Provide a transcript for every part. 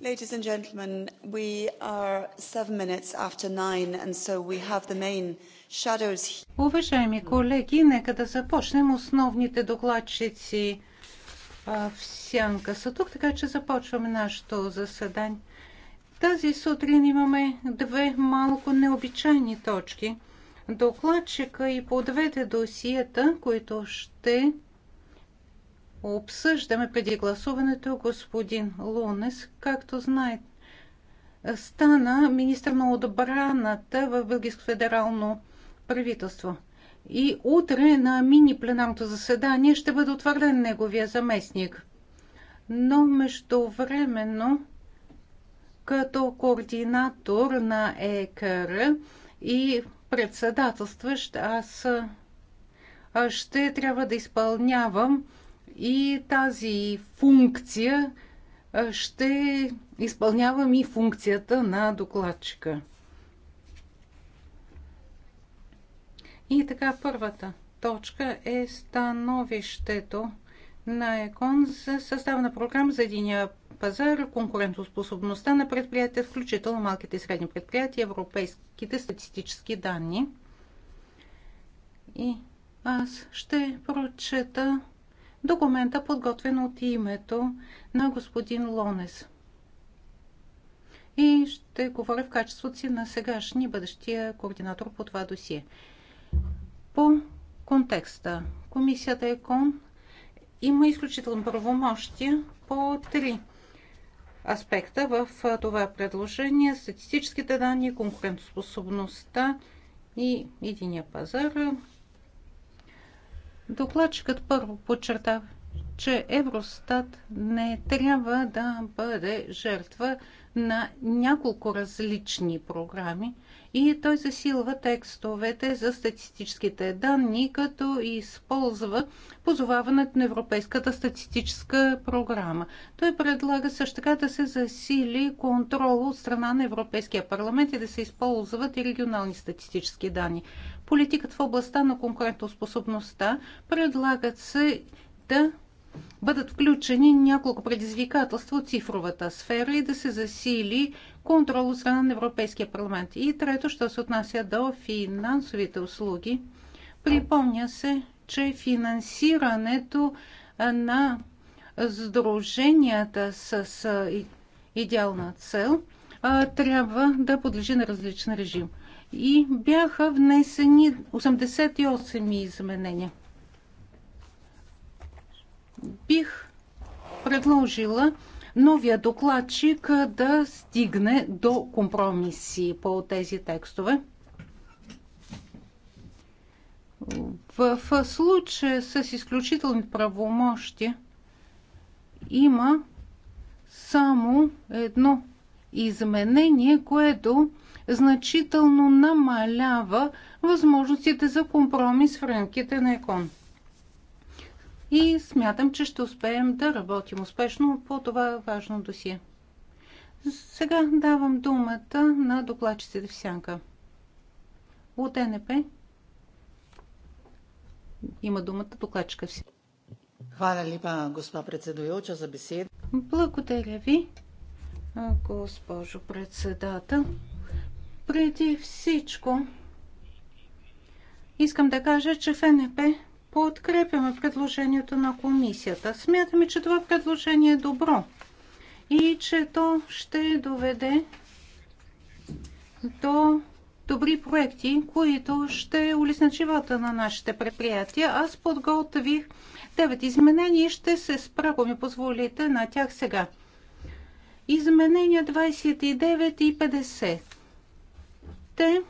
Ladies and gentlemen, we are seven minutes after nine, and so we have the main shadows. Уважаеми колеги, нека да започнем. Основните докладчици в сянка са тук, така че започваме нашето заседание. Тази сутрин имаме две малко необичайни точки. Докладчика и по двете досиета, които ще обсъждаме преди гласуването господин Лунес, както знаете, стана министър на отбраната в Бългийско федерално правителство. И утре на мини пленарното заседание ще бъде утвърден неговия заместник. Но междувременно, като координатор на ЕКР и председателстващ, аз ще трябва да изпълнявам и тази функция ще изпълнявам и функцията на докладчика. И така, първата точка е становището на ЕКОН за състава на програма за единия пазар, конкурентоспособността на предприятия, включително малките и средни предприятия, европейските статистически данни. И аз ще прочета документа, подготвен от името на господин Лонес. И ще говоря в качеството си на сегашни бъдещия координатор по това досие. По контекста. Комисията ЕКОН има изключително правомощия по три аспекта в това предложение. Статистическите данни, конкурентоспособността и единия пазар, Докладчикът първо подчерта, че Евростат не трябва да бъде жертва на няколко различни програми – и той засилва текстовете за статистическите данни, като използва позоваването на Европейската статистическа програма. Той предлага също така да се засили контрол от страна на Европейския парламент и да се използват и регионални статистически данни. Политиката в областта на конкурентоспособността предлагат се да бъдат включени няколко предизвикателства от цифровата сфера и да се засили контрол от страна на Европейския парламент. И трето, що се отнася до финансовите услуги, припомня се, че финансирането на сдруженията с идеална цел трябва да подлежи на различен режим. И бяха внесени 88 изменения. Бих предложила новия докладчик да стигне до компромиси по тези текстове. В случая с изключителни правомощи има само едно изменение, което значително намалява възможностите за компромис в рамките на ЕКОН и смятам, че ще успеем да работим успешно по това важно досие. Сега давам думата на докладчиците в сянка. От НП има думата докладчика в сянка. Hvala lepa, gospa predsedujoča, за беседа. Благодаря ви, госпожо председател. Преди всичко искам да кажа, че в НП подкрепяме предложението на комисията. Смятаме, че това предложение е добро и че то ще доведе до добри проекти, които ще улеснят живота на нашите предприятия. Аз подготвих 9 изменения и ще се спра, ако ми позволите, на тях сега. Изменения 29 и 50. Те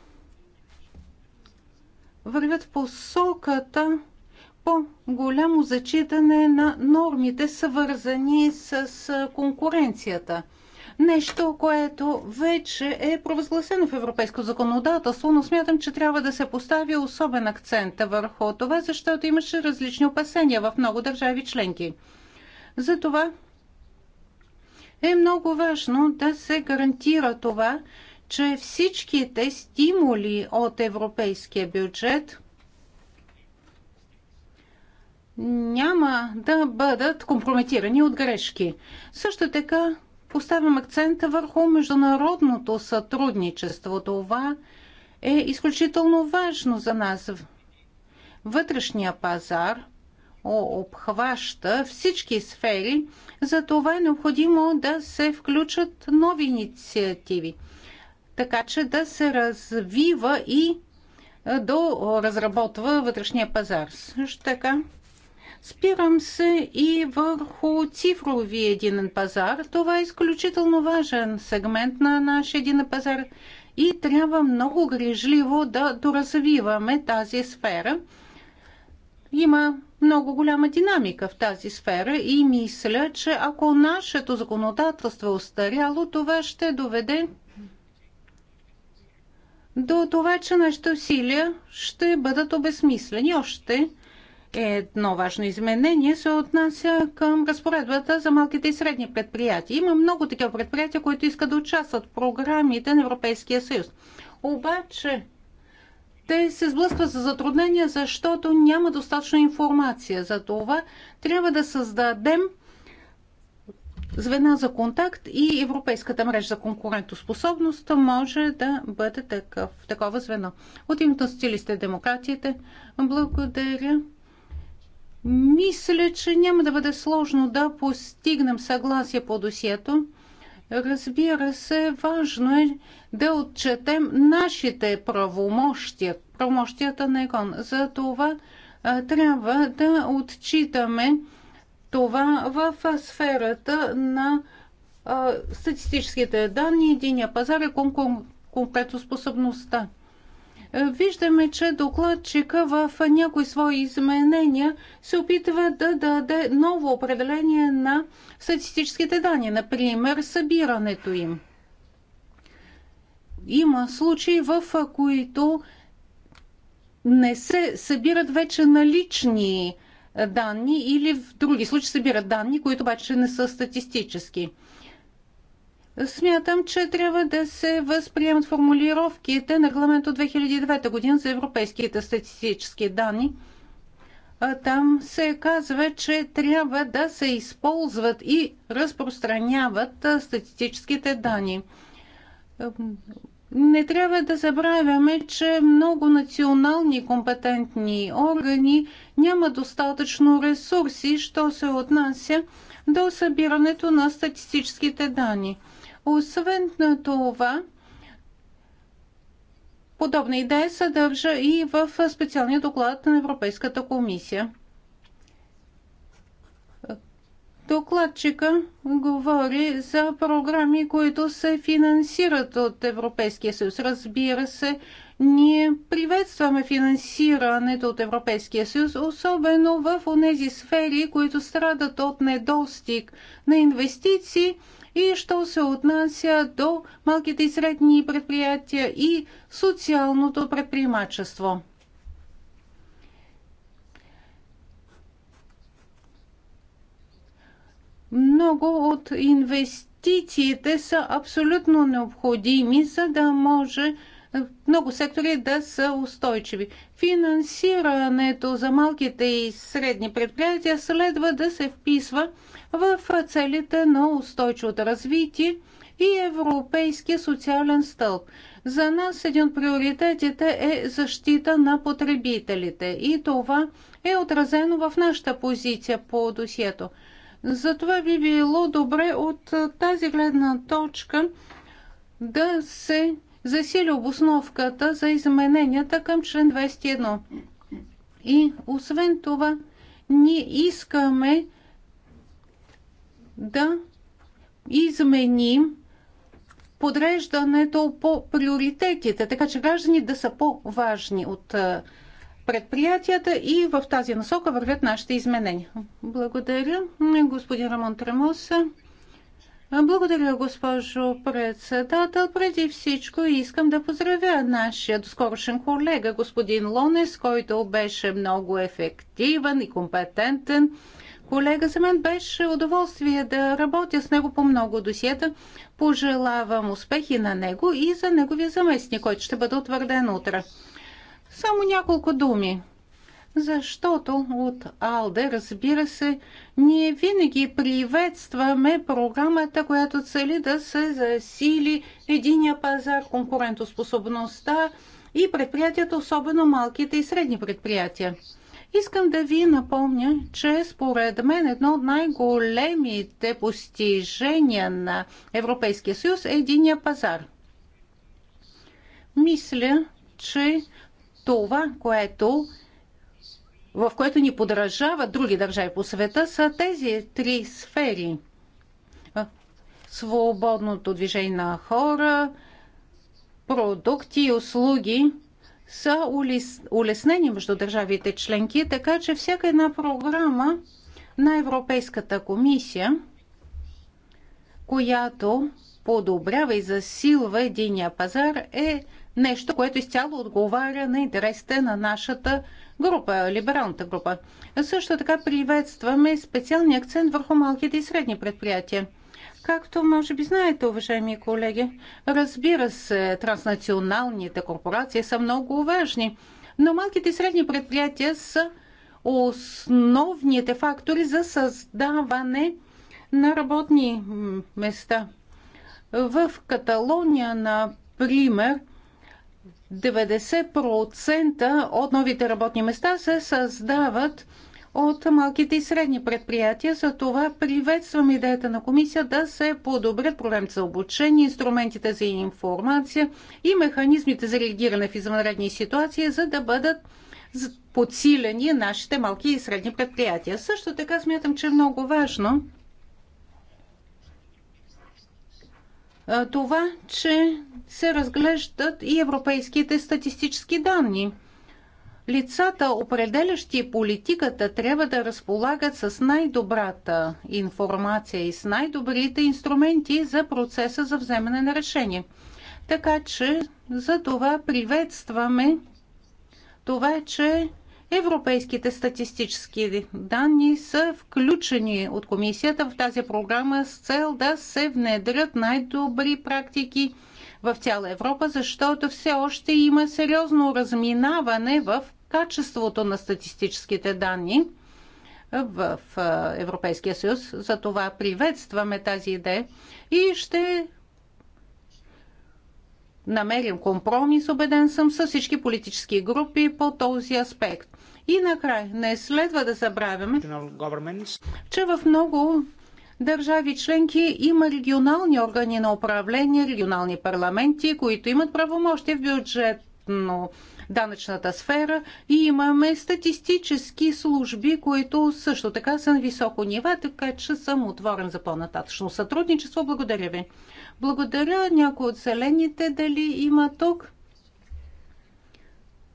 вървят посоката по-голямо зачитане на нормите, свързани с конкуренцията. Нещо, което вече е провъзгласено в европейско законодателство, но смятам, че трябва да се постави особен акцент върху това, защото имаше различни опасения в много държави членки. Затова е много важно да се гарантира това, че всичките стимули от европейския бюджет – няма да бъдат компрометирани от грешки. Също така поставям акцента върху международното сътрудничество. Това е изключително важно за нас. Вътрешния пазар обхваща всички сфери, за това е необходимо да се включат нови инициативи, така че да се развива и до разработва вътрешния пазар. Също така Спирам се и върху цифровия единен пазар. Това е изключително важен сегмент на нашия единен пазар и трябва много грижливо да доразвиваме тази сфера. Има много голяма динамика в тази сфера и мисля, че ако нашето законодателство е устаряло, това ще доведе до това, че нашите усилия ще бъдат обезмислени. Още Едно важно изменение се отнася към разпоредбата за малките и средни предприятия. Има много такива предприятия, които искат да участват в програмите на Европейския съюз. Обаче, те се сблъскват за затруднения, защото няма достатъчно информация. За това трябва да създадем звена за контакт и Европейската мрежа за конкурентоспособност може да бъде такъв, такова звено. От името на стилистите демократите, благодаря. Мисля, че няма да бъде сложно да постигнем съгласие по досието. Разбира се, важно е да отчетем нашите правомощия, правомощията на ЕКОН. За това а, трябва да отчитаме това в сферата на а, статистическите данни, единия пазар и конкурентоспособността. Е, виждаме, че докладчика в някои свои изменения се опитва да даде ново определение на статистическите данни, например събирането им. Има случаи, в които не се събират вече налични данни или в други случаи събират данни, които обаче не са статистически. Смятам, че трябва да се възприемат формулировките на регламент от 2009 година за европейските статистически данни. Там се казва, че трябва да се използват и разпространяват статистическите данни. Не трябва да забравяме, че много национални компетентни органи няма достатъчно ресурси, що се отнася до събирането на статистическите данни. Освен на това, подобна идея съдържа и в специалния доклад на Европейската комисия. Докладчика говори за програми, които се финансират от Европейския съюз. Разбира се, ние приветстваме финансирането от Европейския съюз, особено в тези сфери, които страдат от недостиг на инвестиции – и що се отнася до малките и средни предприятия и социалното предприемачество. Много от инвестициите са абсолютно необходими, за да може много сектори да са устойчиви. Финансирането за малките и средни предприятия следва да се вписва в целите на устойчивото развитие и Европейския социален стълб. За нас един от приоритетите е защита на потребителите и това е отразено в нашата позиция по досието. Затова би било добре от тази гледна точка да се засили обосновката за измененията към член 21. И освен това, ние искаме да изменим подреждането по приоритетите, така че граждани да са по-важни от предприятията и в тази насока вървят нашите изменения. Благодаря, господин Рамон Тремос. Благодаря, госпожо председател. Преди всичко искам да поздравя нашия доскорошен колега, господин Лонес, който беше много ефективен и компетентен колега. За мен беше удоволствие да работя с него по много досиета. Пожелавам успехи на него и за неговия заместник, който ще бъде утвърден утре. Само няколко думи. Защото от АЛДЕ, разбира се, ние винаги приветстваме програмата, която цели да се засили единия пазар, конкурентоспособността и предприятията, особено малките и средни предприятия. Искам да ви напомня, че според мен едно от най-големите постижения на Европейския съюз е единия пазар. Мисля, че това, което в което ни подражават други държави по света, са тези три сфери. Свободното движение на хора, продукти и услуги – са улеснени между държавите членки, така че всяка една програма на Европейската комисия, която подобрява и засилва единия пазар, е нещо, което изцяло отговаря на интересите на нашата група, либералната група. Също така приветстваме специалния акцент върху малките и средни предприятия. Както може би знаете, уважаеми колеги, разбира се, транснационалните корпорации са много важни, но малките и средни предприятия са основните фактори за създаване на работни места. В Каталония, например, 90% от новите работни места се създават от малките и средни предприятия. За това приветствам идеята на комисия да се подобрят проблемите за обучение, инструментите за информация и механизмите за реагиране в извънредни ситуации, за да бъдат подсилени нашите малки и средни предприятия. Също така смятам, че е много важно това, че се разглеждат и европейските статистически данни – Лицата, определящи политиката, трябва да разполагат с най-добрата информация и с най-добрите инструменти за процеса за вземане на решение. Така че за това приветстваме това, че европейските статистически данни са включени от комисията в тази програма с цел да се внедрят най-добри практики в цяла Европа, защото все още има сериозно разминаване в качеството на статистическите данни в Европейския съюз. Затова приветстваме тази идея и ще намерим компромис, убеден съм, с всички политически групи по този аспект. И накрая, не следва да забравяме, че в много държави членки има регионални органи на управление, регионални парламенти, които имат правомощи в бюджетно данъчната сфера и имаме статистически служби, които също така са на високо нива, така че съм отворен за по-нататъчно сътрудничество. Благодаря ви. Благодаря някой от зелените дали има тук.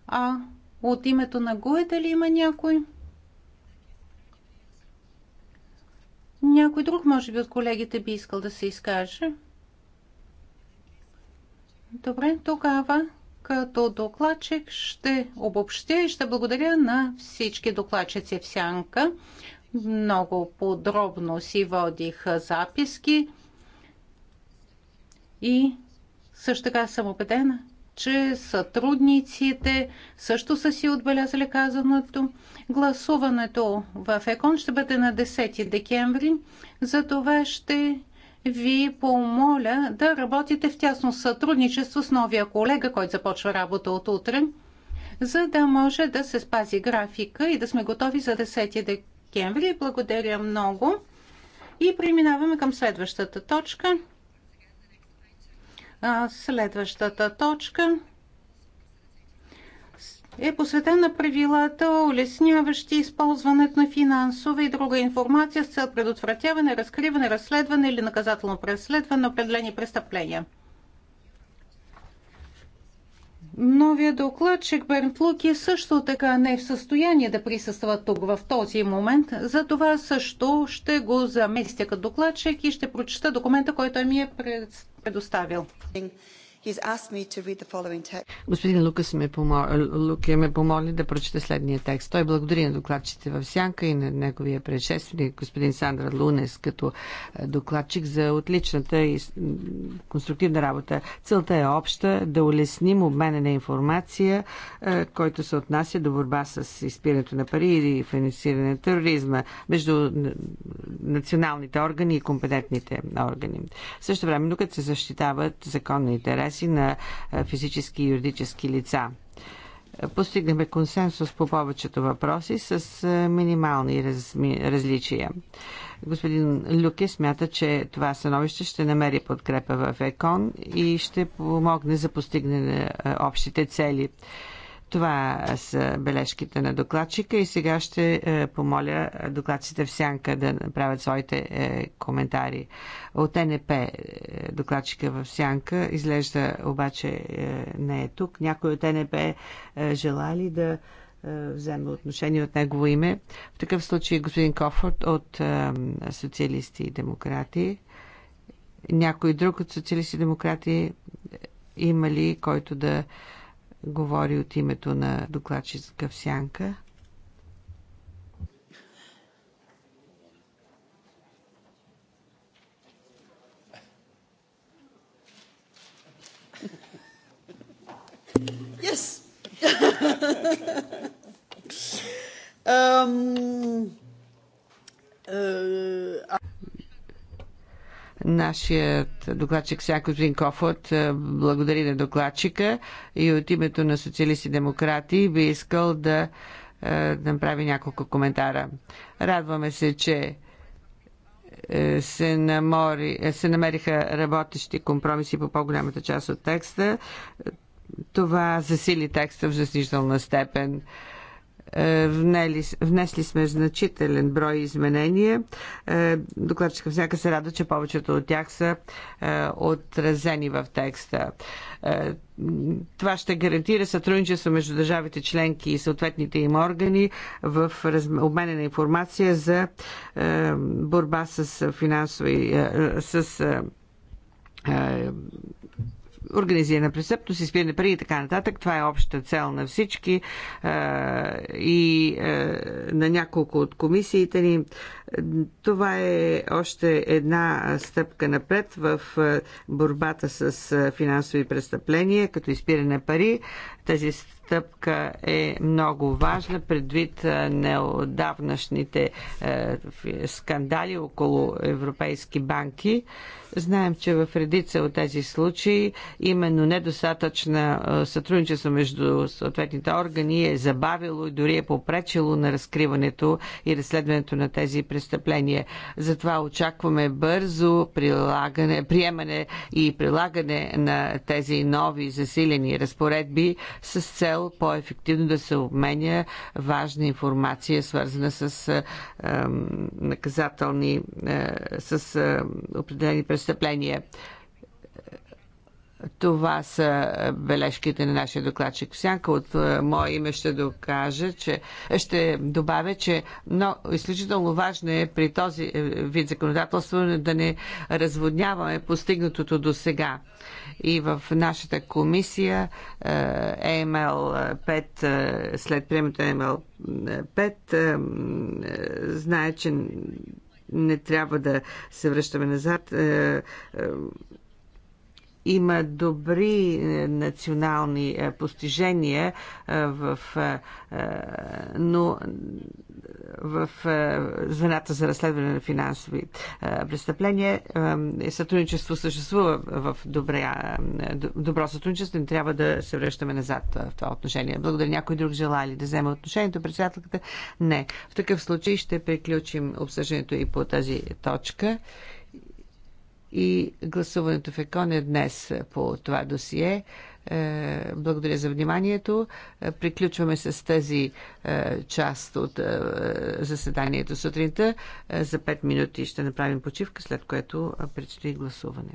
А от името на Гуе дали има някой? Някой друг, може би, от колегите би искал да се изкаже. Добре, тогава като докладчик ще обобщя и ще благодаря на всички докладчици в Сянка. Много подробно си водих записки и също така съм убедена, че сътрудниците също са си отбелязали казаното. Гласуването в ЕКОН ще бъде на 10 декември. За това ще ви помоля да работите в тясно сътрудничество с новия колега, който започва работа от утре, за да може да се спази графика и да сме готови за 10 декември. Благодаря много. И преминаваме към следващата точка. Следващата точка е посветен на правилата, улесняващи използването на финансова и друга информация с цел предотвратяване, разкриване, разследване или наказателно преследване на определени престъпления. Новия докладчик Бернт Луки е също така не е в състояние да присъства тук в този момент, затова също ще го заместя като докладчик и ще прочета документа, който ми е предоставил. Господин Лукас ме помоли, Луки ме помоли да прочета следния текст. Той благодари на докладчите в Сянка и на неговия предшественик, господин Сандра Лунес, като е, докладчик за отличната и конструктивна работа. Целта е обща да улесним обмена на информация, е, който се отнася до борба с изпирането на пари и финансиране на тероризма между националните органи и компетентните органи. В също време, докато се защитават законни интереси, интереси на физически и юридически лица. Постигнахме консенсус по повечето въпроси с минимални разми, различия. Господин Люке смята, че това становище ще намери подкрепа в ЕКОН и ще помогне за постигане на общите цели. Това са бележките на докладчика и сега ще е, помоля докладците в сянка да направят своите е, коментари. От НП е, докладчика в сянка изглежда обаче не е тук. Някой от НП желали ли да вземе отношение от негово име. В такъв случай господин Кофорт от социалисти и демократи. Някой друг от социалисти и демократи има ли, който да говори от името на докладчицата Всянка. Yes. um, uh, Нашият докладчик Сяко от е, благодари на докладчика и от името на социалисти демократи би искал е, да направи няколко коментара. Радваме се, че е, се, намори, се намериха работещи компромиси по по-голямата част от текста. Това засили текста в заснижителна степен. Е, внели, внесли сме значителен брой изменения. Е, докладчика всяка се рада, че повечето от тях са е, отразени в текста. Това ще гарантира сътрудничество между държавите членки и съответните им органи в обмене на информация за борба с финансови с организирана престъпност, изпиране пари и така нататък. Това е обща цел на всички е, и е, на няколко от комисиите ни. Това е още една стъпка напред в е, борбата с финансови престъпления, като изпиране пари. Тази стъпка е много важна предвид неодавнашните е, скандали около европейски банки. Знаем, че в редица от тези случаи именно недостатъчна сътрудничество между съответните органи е забавило и дори е попречило на разкриването и разследването на тези престъпления. Затова очакваме бързо прилагане, приемане и прилагане на тези нови засилени разпоредби, с цел по-ефективно да се обменя важна информация, свързана с наказателни, с определени престъпления. Това са бележките на нашия докладчик. Всяка от мое име ще докажа, че ще добавя, че но изключително важно е при този вид законодателство да не разводняваме постигнатото до сега и в нашата комисия ЕМЛ-5, е е, след приемата ЕМЛ-5, е, знае, че не трябва да се връщаме назад има добри е, национални е, постижения е, в, но в звената за разследване на финансови престъпления. Сътрудничество съществува в добре, добро сътрудничество и трябва да се връщаме назад в това отношение. Благодаря. Някой друг желая ли да вземе отношението председателката? Не. В такъв случай ще приключим обсъждането и по тази точка и гласуването в ЕКОН е днес по това досие. Е, благодаря за вниманието. Е, приключваме с тази е, част от заседанието сутринта. За 5 минути ще направим почивка, след което предстои гласуване.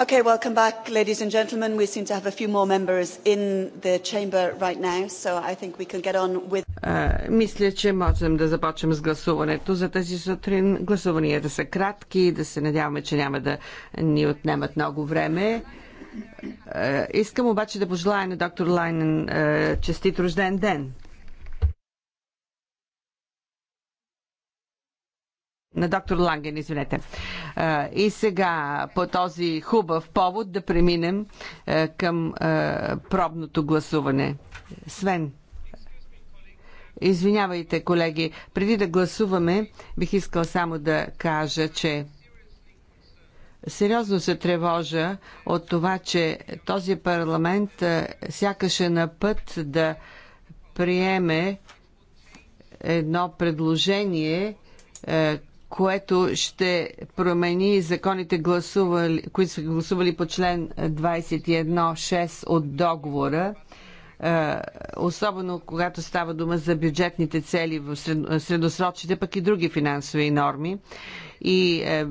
Okay, welcome back, ladies and gentlemen. We seem to have a few more members in the chamber right now, so I think we can get on with... Uh, мисля, че можем да започнем с гласуването за тази сутрин. Гласуванията са кратки, да се надяваме, че няма да ни отнемат много време. Uh, искам обаче да пожелая на доктор Лайнен uh, честит рожден ден. на доктор Ланген, извинете. И сега по този хубав повод да преминем към пробното гласуване. Свен. Извинявайте, колеги, преди да гласуваме, бих искал само да кажа, че сериозно се тревожа от това, че този парламент сякаше на път да приеме едно предложение, което ще промени законите, гласували, които са гласували по член 21.6 от договора, е, особено когато става дума за бюджетните цели в средносрочните, пък и други финансови норми. И е,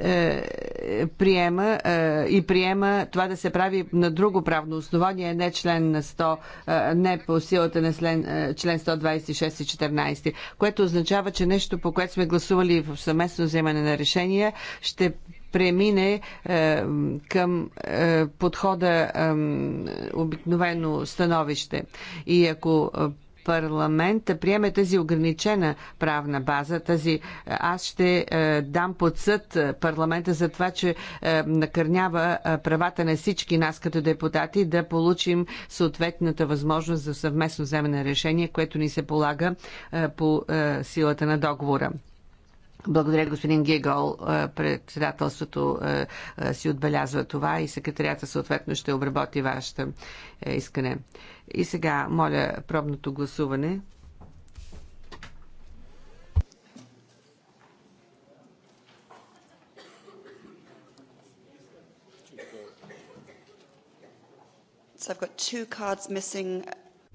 е, приема е, и приема това да се прави на друго правно основание, не член на 100, е, не по силата на член, член 126 и 14, което означава, че нещо, по което сме гласували в съместно вземане на решения, ще премине е, към е, подхода е, обикновено становище. И ако парламент приеме тази ограничена правна база, тази аз ще е, дам под съд е, парламента за това, че е, накърнява правата на всички нас като депутати да получим съответната възможност за съвместно вземане на решение, което ни се полага по силата на договора. Благодаря, господин Гегол. Председателството си отбелязва това и секретарията съответно ще обработи вашето искане. И сега, моля, пробното гласуване.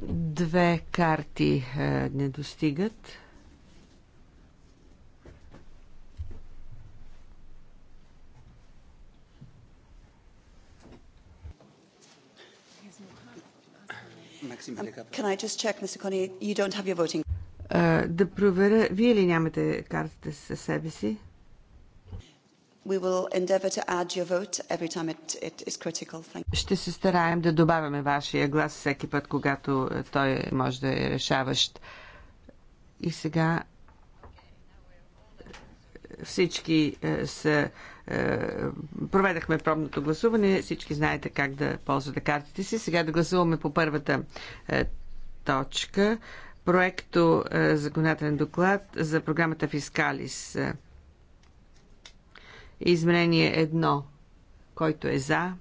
Две карти е, не достигат. да проверя, вие ли нямате картата със себе си? Ще се стараем да добавяме вашия глас всеки път, когато е, той може да е решаващ. И сега е, всички е, са е, проведахме пробното гласуване. Всички знаете как да ползвате картите си. Сега да гласуваме по първата е, точка. Проекто е, законодателен доклад за програмата Фискалис. Изменение едно. Който е за,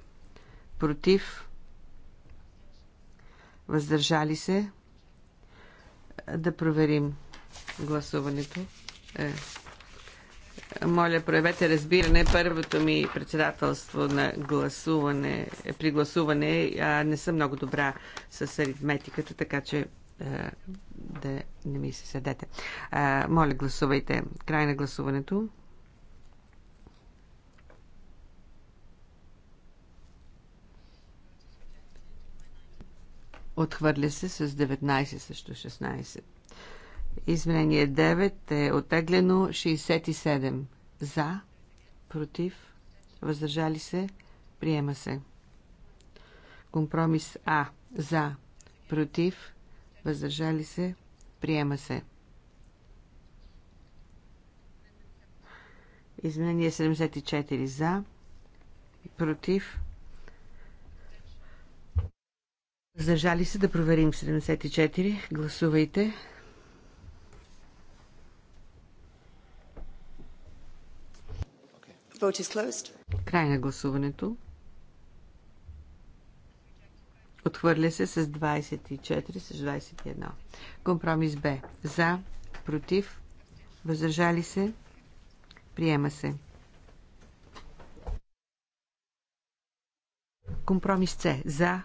против, въздържали се. Да проверим гласуването. Моля, проявете разбиране. Първото ми председателство на гласуване, при гласуване а, не съм много добра с аритметиката, така че а, да не ми се съдете. А, моля, гласувайте. Край на гласуването. Отхвърля се с 19 също 16. Извинение 9 е отеглено 67. За, против, въздържали се, приема се. Компромис А. За, против, въздържали се, приема се. Изменение 74 за, против, въздържали се да проверим 74. Гласувайте. Vote is closed. Край на гласуването. Отхвърля се с 24, с 21. Компромис Б. За, против, въздържали се, приема се. Компромис С. За,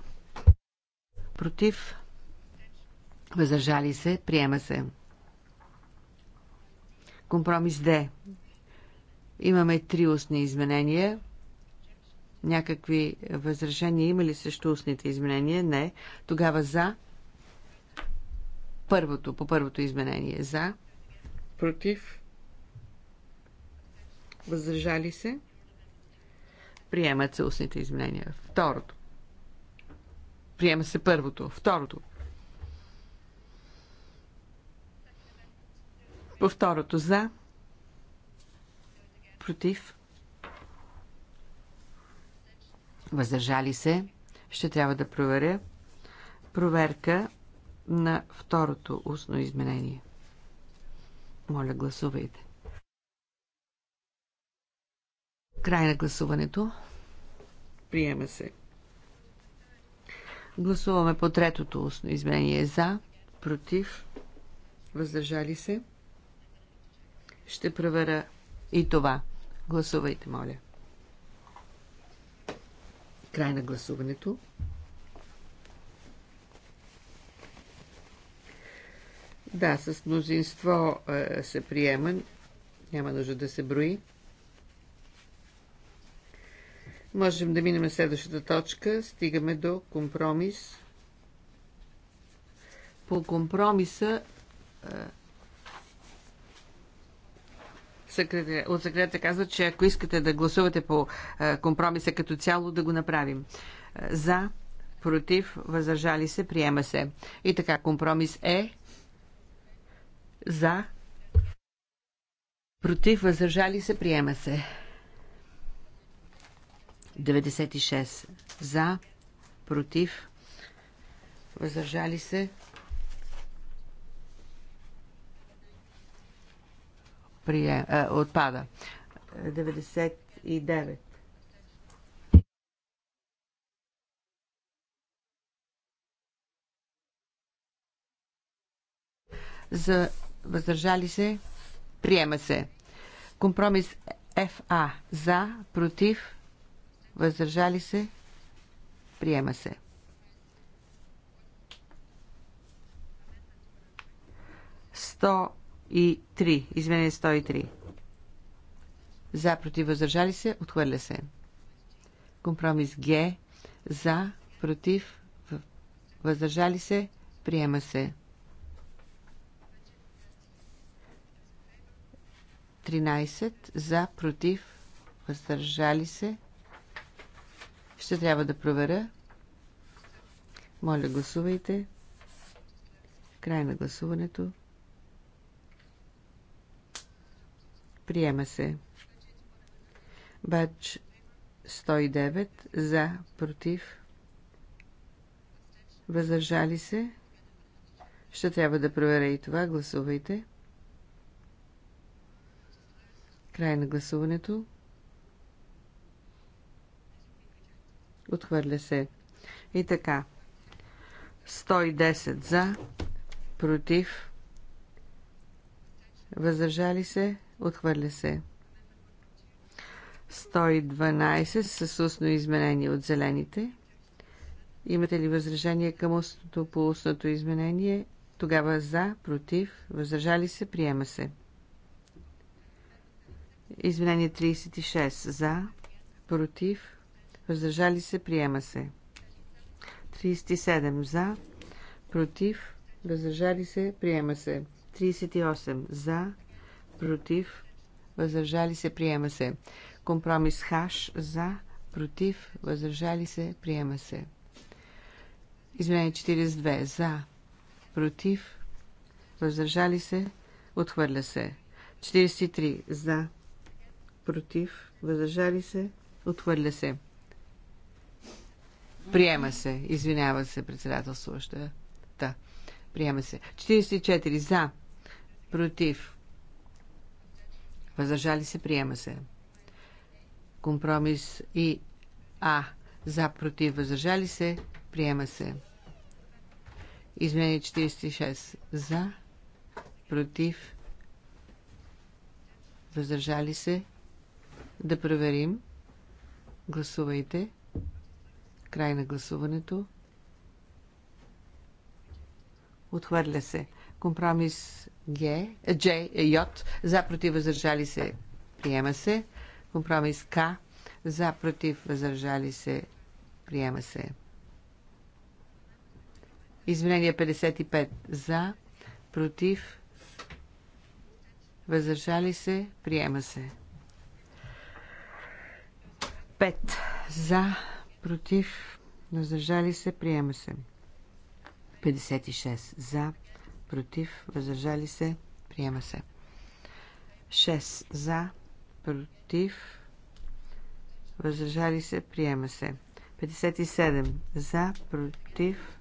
против, въздържали се, приема се. Компромис Д. Имаме три устни изменения. Някакви възражения има ли срещу устните изменения? Не. Тогава за първото, по първото изменение. За. Против. Възражали се. Приемат се устните изменения. Второто. Приема се първото. Второто. По второто за против, въздържали се, ще трябва да проверя. Проверка на второто устно изменение. Моля, гласувайте. Край на гласуването. Приема се. Гласуваме по третото устно изменение за, против, въздържали се. Ще проверя и това. Гласувайте, моля. Край на гласуването. Да, с мнозинство е, се приема. Няма нужда да се брои. Можем да минем на следващата точка. Стигаме до компромис. По компромиса е, от секретаря казва, че ако искате да гласувате по е, компромиса като цяло, да го направим. Е, за, против, възражали се, приема се. И така, компромис е за, против, възражали се, приема се. 96 за, против, въздържали се, прие, а, е, отпада. 99. За въздържали се, приема се. Компромис ФА за, против, въздържали се, приема се. Сто 103. Изменение 103. За, против, въздържали се, отхвърля се. Компромис Г. За, против, въздържали се, приема се. 13 за, против, въздържали се. Ще трябва да проверя. Моля, гласувайте. Край на гласуването. Приема се. Бач 109 за, против, въздържали се. Ще трябва да проверя и това. Гласувайте. Край на гласуването. Отхвърля се. И така. 110 за, против, въздържали се, Отхвърля се. 112 с устно изменение от зелените. Имате ли възражение към устното по устното изменение? Тогава за, против, възражали се, приема се. Изменение 36 за, против, въздържали се, приема се. 37 за, против, въздържали се, приема се. 38 за, против, въздържали се, приема се. Компромис хаш за, против, въздържали се, приема се. Извинение 42 за, против, въздържали се, отхвърля се. 43 за, против, въздържали се, отхвърля се. Приема се, извинява се председателстваща. Да, приема се. 44 за, против, Въздържали се, приема се. Компромис и А. За, против, въздържали се, приема се. Изменение 46. За, против, въздържали се. Да проверим. Гласувайте. Край на гласуването. Отхвърля се. Компромис г, Дж, Й, за против въздържали се, приема се. Компромис К, за против въздържали се, приема се. Изменение 55 за, против, въздържали се, приема се. 5 за, против, въздържали се, приема се. 56 за, против, въздържали се, приема се. 6 за, против, въздържали се, приема се. 57 за, против,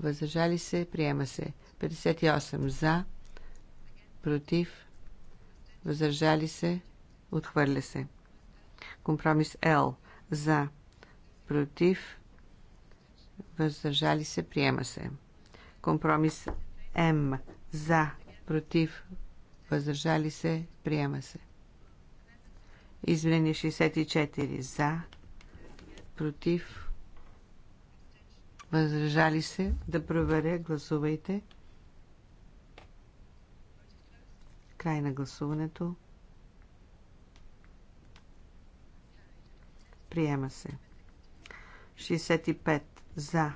въздържали се, приема се. 58 за, против, въздържали се, отхвърля се. Компромис Л за, против, въздържали се, приема се. Компромис М. За. Против. Въздържали се. Приема се. Извинение 64. За. Против. Въздържали се. Да проверя. Гласувайте. Край на гласуването. Приема се. 65. За.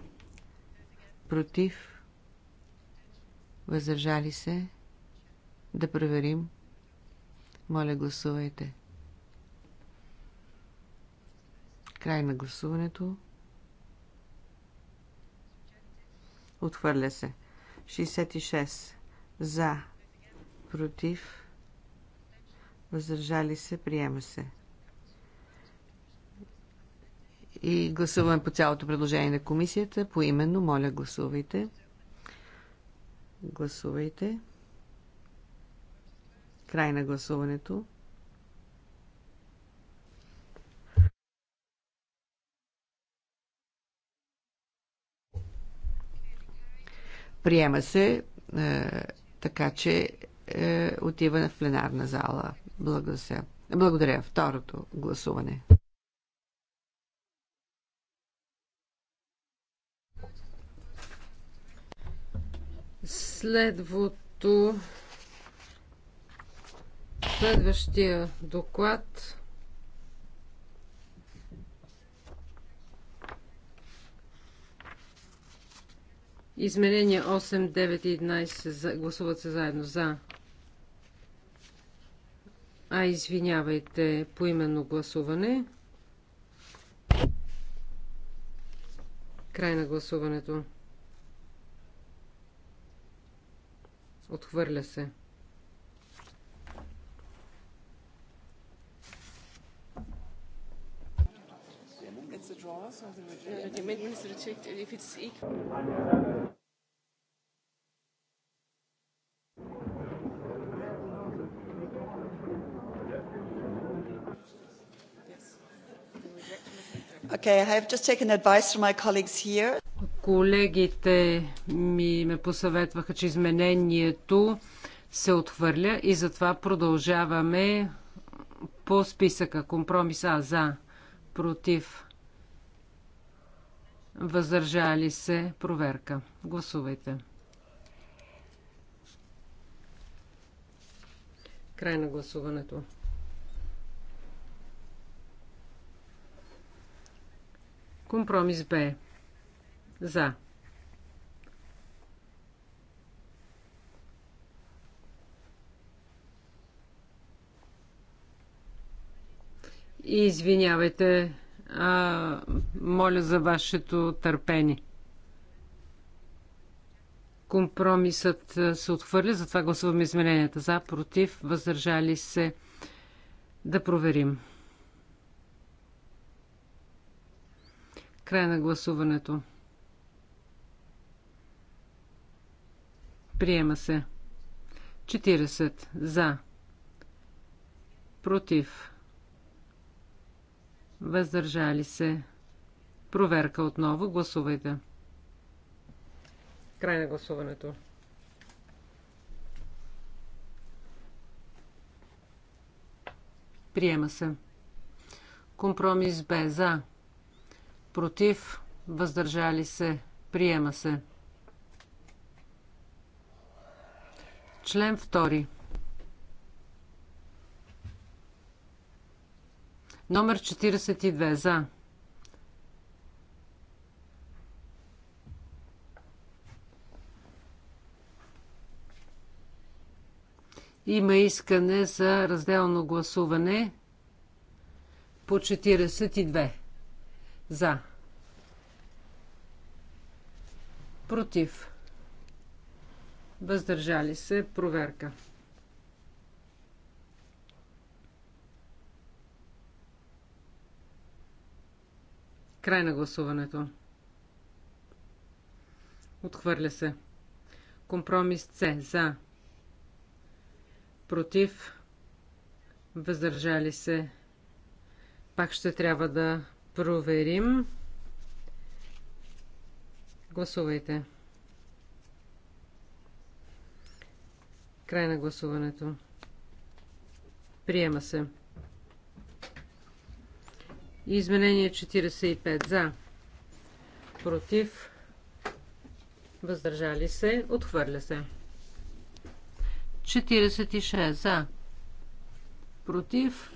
Против Въздържали се? Да проверим. Моля, гласувайте. Край на гласуването. Отхвърля се. 66. За. Против. Въздържали се. Приема се. И гласуваме по цялото предложение на комисията. По именно, моля, гласувайте. Гласувайте. Край на гласуването. Приема се, е, така че е, отива в пленарна зала. Благодаря. Благодаря. Второто гласуване. Следвото следващия доклад Изменения 8, 9 и 11 за, гласуват се заедно за. А, извинявайте, поименно гласуване. Край на гласуването. Отхвърля се. Okay, I have just taken advice from my colleagues here. Колегите ми ме посъветваха, че изменението се отхвърля и затова продължаваме по списъка. Компромиса за, против, въздържали се, проверка. Гласувайте. Край на гласуването. Компромис Б. За. Извинявайте, а, моля за вашето търпение. Компромисът се отхвърля, затова гласуваме измененията за, против, въздържали се. Да проверим. Край на гласуването. Приема се. 40. За. Против. Въздържали се. Проверка отново. Гласувайте. Край на гласуването. Приема се. Компромис Б. За. Против. Въздържали се. Приема се. Член 2. Номер 42. За. Има искане за разделно гласуване по 42. За. Против въздържали се, проверка. Край на гласуването. Отхвърля се. Компромис С. За. Против. Въздържали се. Пак ще трябва да проверим. Гласувайте. Край на гласуването. Приема се. Изменение 45 за. Против. Въздържали се. Отхвърля се. 46 за. Против.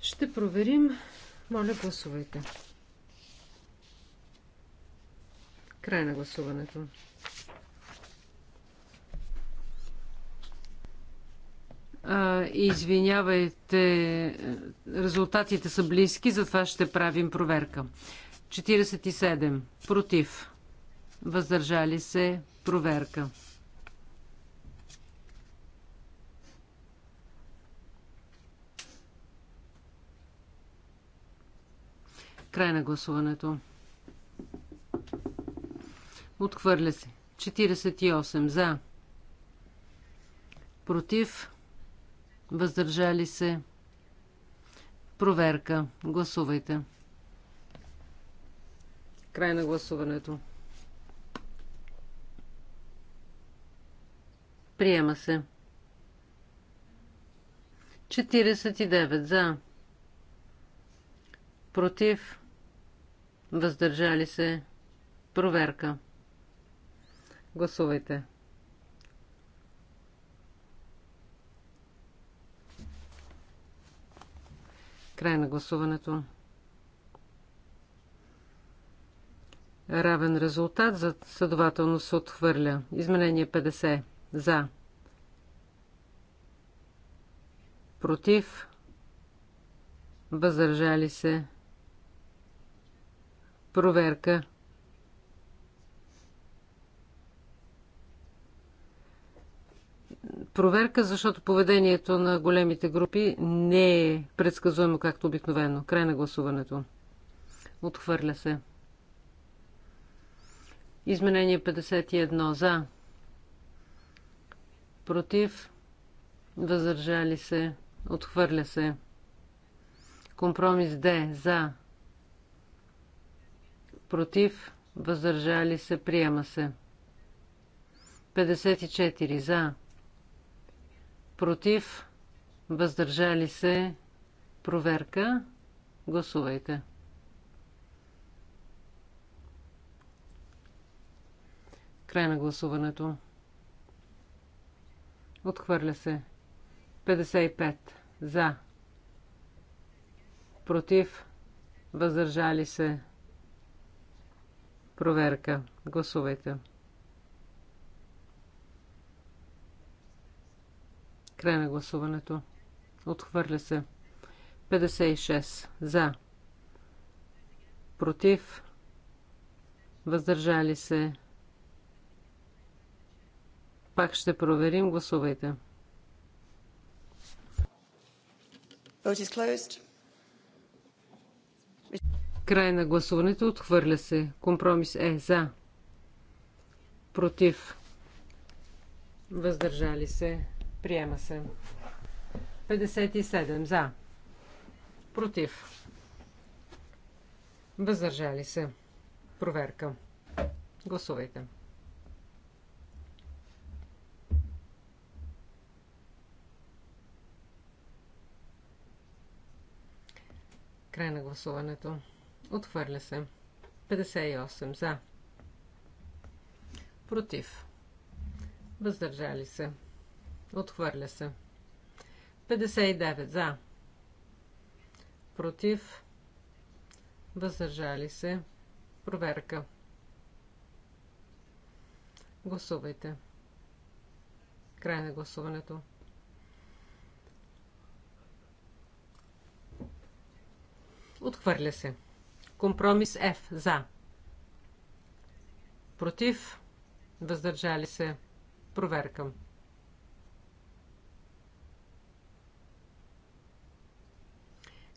Ще проверим. Моля, гласувайте. Край на гласуването. А, извинявайте, резултатите са близки, затова ще правим проверка. 47. Против. Въздържали се. Проверка. Край на гласуването. Отхвърля се. 48 за. Против въздържали се. Проверка. Гласувайте. Край на гласуването. Приема се. 49 за. Против. Въздържали се. Проверка. Гласувайте. Край на гласуването. Равен резултат, за следователно се отхвърля. Изменение 50. За. Против. Възражали се. Проверка. проверка, защото поведението на големите групи не е предсказуемо както обикновено. Край на гласуването. Отхвърля се. Изменение 51 за. Против. Въздържали се. Отхвърля се. Компромис Д. За. Против. Въздържали се. Приема се. 54. За против, въздържали се, проверка. Гласувайте. Край на гласуването. Отхвърля се. 55. За. Против. Въздържали се. Проверка. Гласувайте. Край на гласуването. Отхвърля се. 56. За. Против. Въздържали се. Пак ще проверим. Гласувайте. Край на гласуването. Отхвърля се. Компромис е за. Против. Въздържали се. Приема се. 57 за. Против. Въздържали се. Проверка. Гласувайте. Край на гласуването. Отхвърля се. 58 за. Против. Въздържали се. Отхвърля се. 59 за. Против. Въздържали се. Проверка. Гласувайте. Край на гласуването. Отхвърля се. Компромис F. За. Против. Въздържали се. Проверкам.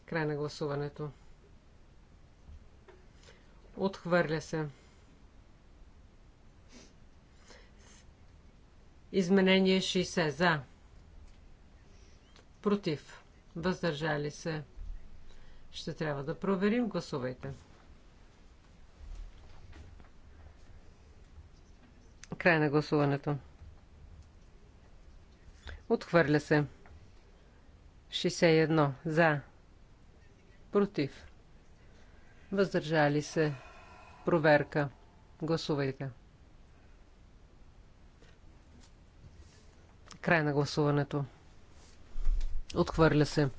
Край на гласуването. Отхвърля се. Изменение 60. За. Против. Въздържали се. Ще трябва да проверим. Гласувайте. Край на гласуването. Отхвърля се. 61. За. Против. Въздържали се. Проверка. Гласувайте. Край на гласуването. Отхвърля се.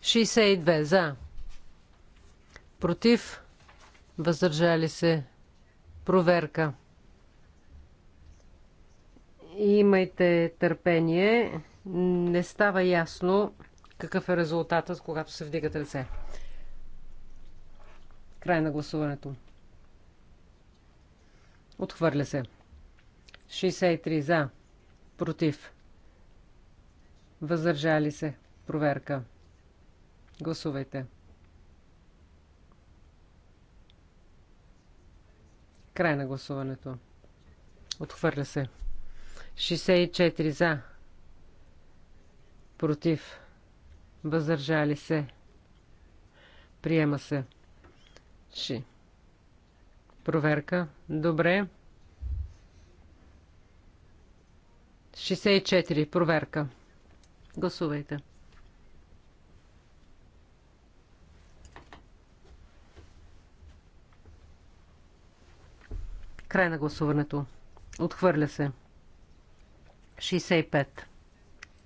62 за. Против. Въздържали се. Проверка. Имайте търпение. Не става ясно какъв е резултатът, когато се вдигат ръце? Край на гласуването. Отхвърля се. 63 за. Против. Въздържали се. Проверка. Гласувайте. Край на гласуването. Отхвърля се. 64 за. Против. Въздържали се. Приема се. Ши. Проверка. Добре. 64. Проверка. Гласувайте. Край на гласуването. Отхвърля се. 65.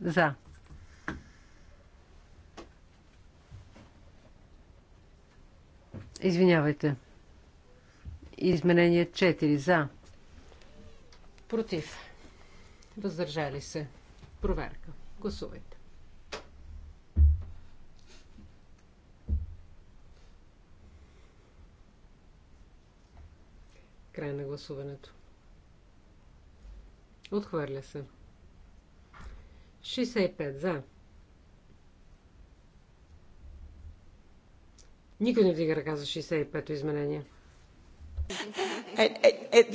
За. Извинявайте. Изменение 4. За. Против. Въздържали се. Проверка. Гласувайте. Край на гласуването. Отхвърля се. 65 за. Никой не вдига ръка за 65-то изменение. Е, е,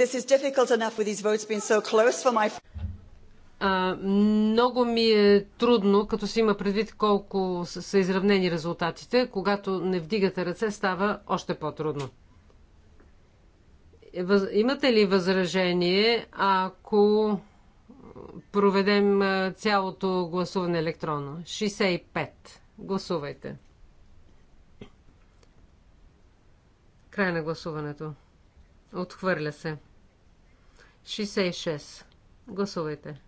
е, много ми е трудно, като се има предвид колко са изравнени резултатите. Когато не вдигате ръце, става още по-трудно. Имате ли възражение, ако проведем цялото гласуване електронно? 65. Гласувайте. Край на гласуването. Отхвърля се. 66. Гласувайте.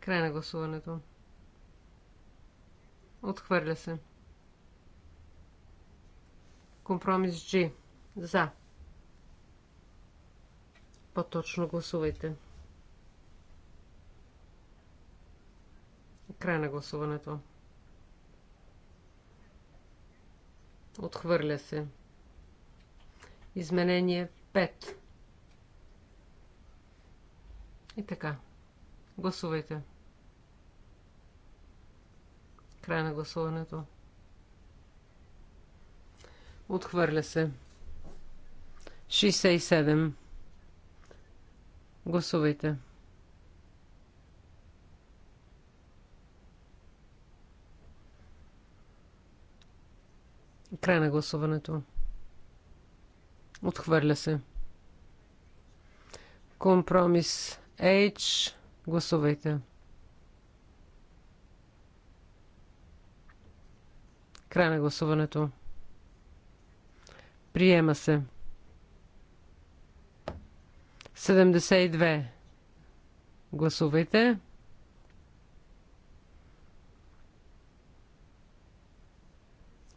Край на гласуването. Отхвърля се. Компромис G. За. По-точно гласувайте. Край на гласуването. Отхвърля се. Изменение 5. И така. Гласувайте. Край на гласуването. Отхвърля се. 67. Гласувайте. Край на гласуването. Отхвърля се. Компромис H. Гласувайте. Край на гласуването. Приема се. 72. Гласувайте.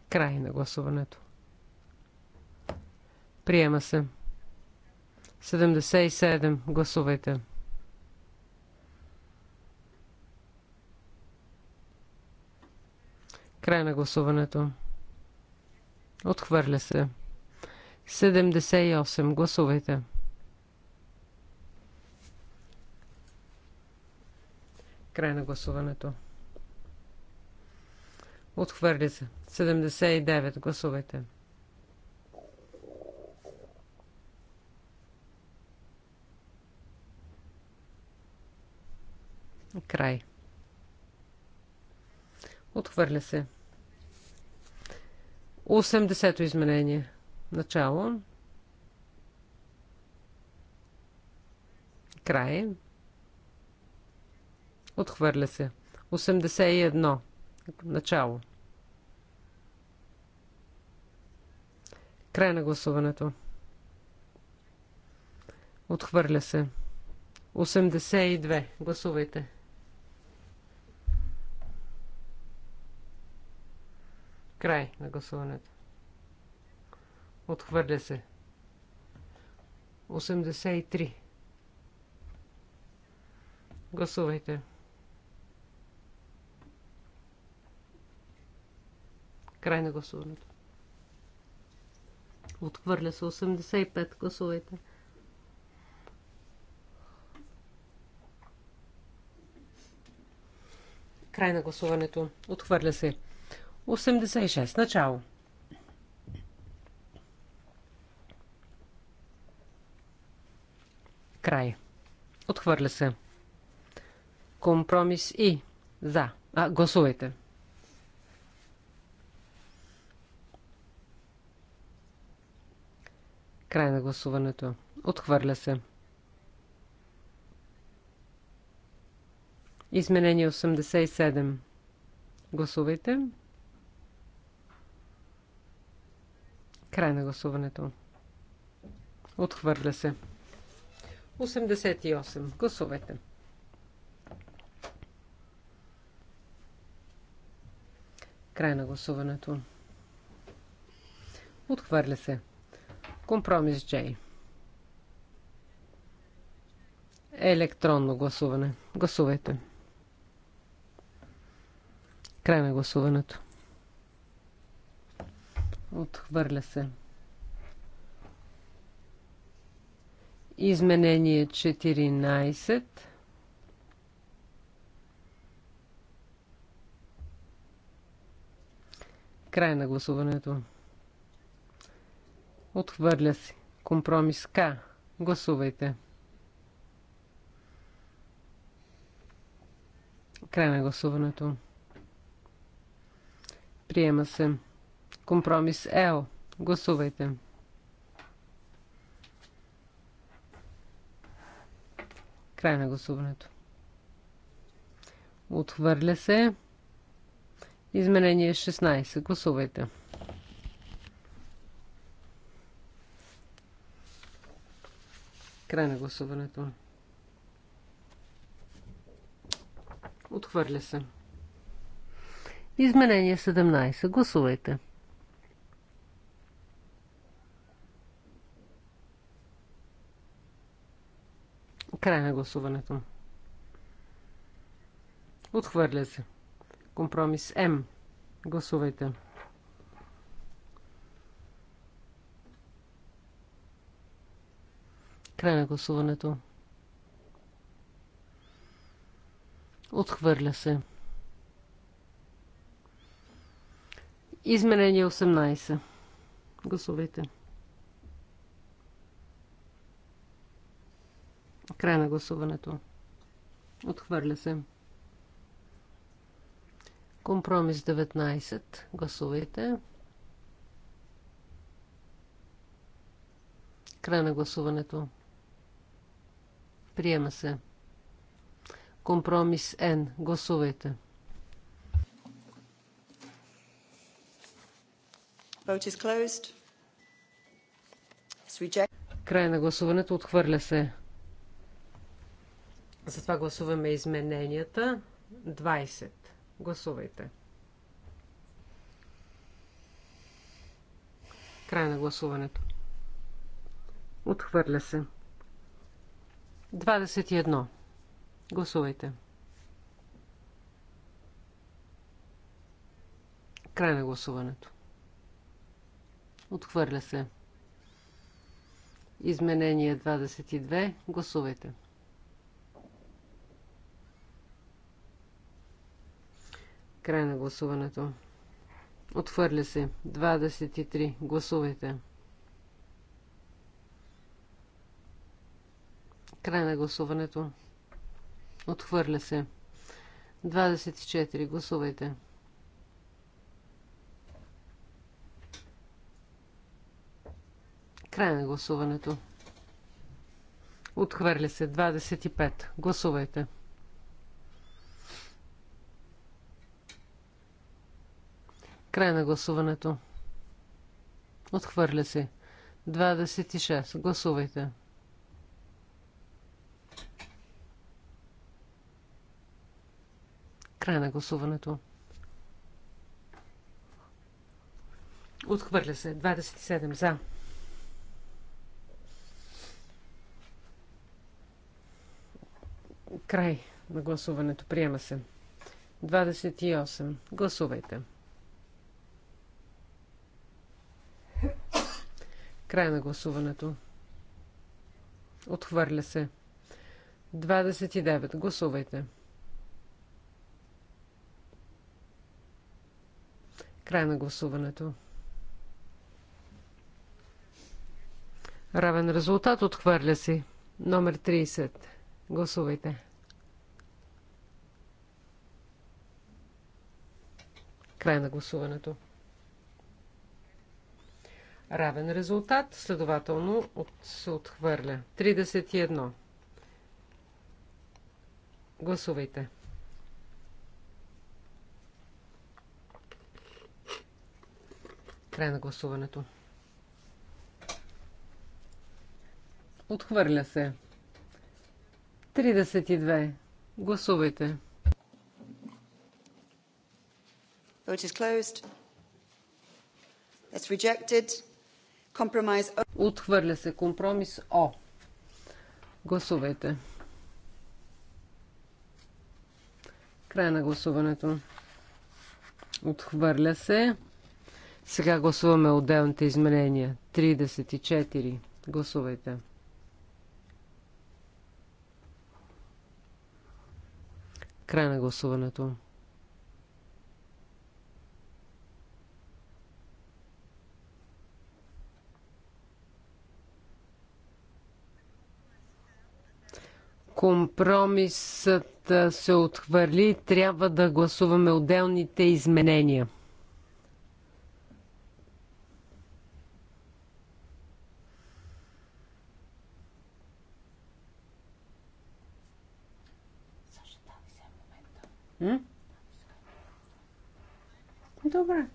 Край на гласуването. Приема се. 77. Гласувайте. Край на гласуването. Отхвърля се. 78. Гласувайте. Край на гласуването. Отхвърли се. 79. Гласувайте. Край. Отхвърля се. 80-то изменение. Начало. Край. Отхвърля се. 81. Начало. 81. Край на гласуването. Отхвърля се. 82. Гласувайте. Край на гласуването. Отхвърля се. 83. Гласувайте. Край на гласуването. Отхвърля се 85. Гласувайте. Край на гласуването. Отхвърля се. 86. Начало. Край. Отхвърля се. Компромис и. За. А, гласувайте. Край на гласуването. Отхвърля се. Изменение 87. Гласувайте. Край на гласуването. Отхвърля се. 88. Гласувайте. Край на гласуването. Отхвърля се. Компромис J. Електронно гласуване. Гласувайте. Край на гласуването. Отхвърля се. Изменение 14. Край на гласуването. Отхвърля се. Компромис К. Гласувайте. Край на гласуването. Приема се. Компромис Л. Гласувайте. Край на гласуването. Отхвърля се. Изменение 16. Гласувайте. Край на гласуването. Отхвърля се. Изменение 17. Гласувайте. Край на гласуването. Отхвърля се. Компромис М. Гласувайте. Край на гласуването. Отхвърля се. Изменение 18. Гласувайте. Край на гласуването. Отхвърля се. Компромис 19. Гласувайте. Край на гласуването. Приема се. Компромис Н. Гласувайте. Край на гласуването. Отхвърля се. Затова гласуваме измененията. 20. Гласувайте. Край на гласуването. Отхвърля се. 21. Гласувайте. Край на гласуването. Отхвърля се. Изменение 22. Гласувайте. Край на гласуването. Отхвърля се. 23. Гласувайте. Край на гласуването. Отхвърля се. 24. Гласувайте. Край на гласуването. Отхвърля се. 25. Гласувайте. Край на гласуването. Отхвърля се. 26. Гласувайте. Край на гласуването. Отхвърля се. 27 за. Край на гласуването. Приема се. 28. Гласувайте. Край на гласуването. Отхвърля се. 29. Гласувайте. Край на гласуването. Равен резултат отхвърля си. Номер 30. Гласувайте. Край на гласуването. Равен резултат, следователно от, се отхвърля. 31. Гласувайте. Край на гласуването. Отхвърля се. 32. Гласувайте. Отхвърля се. Компромис О. Гласувайте. Край на гласуването. Отхвърля се. Сега гласуваме отделните изменения. 34. Гласувайте. Край на гласуването. Компромисът се отхвърли. Трябва да гласуваме отделните изменения. Добре.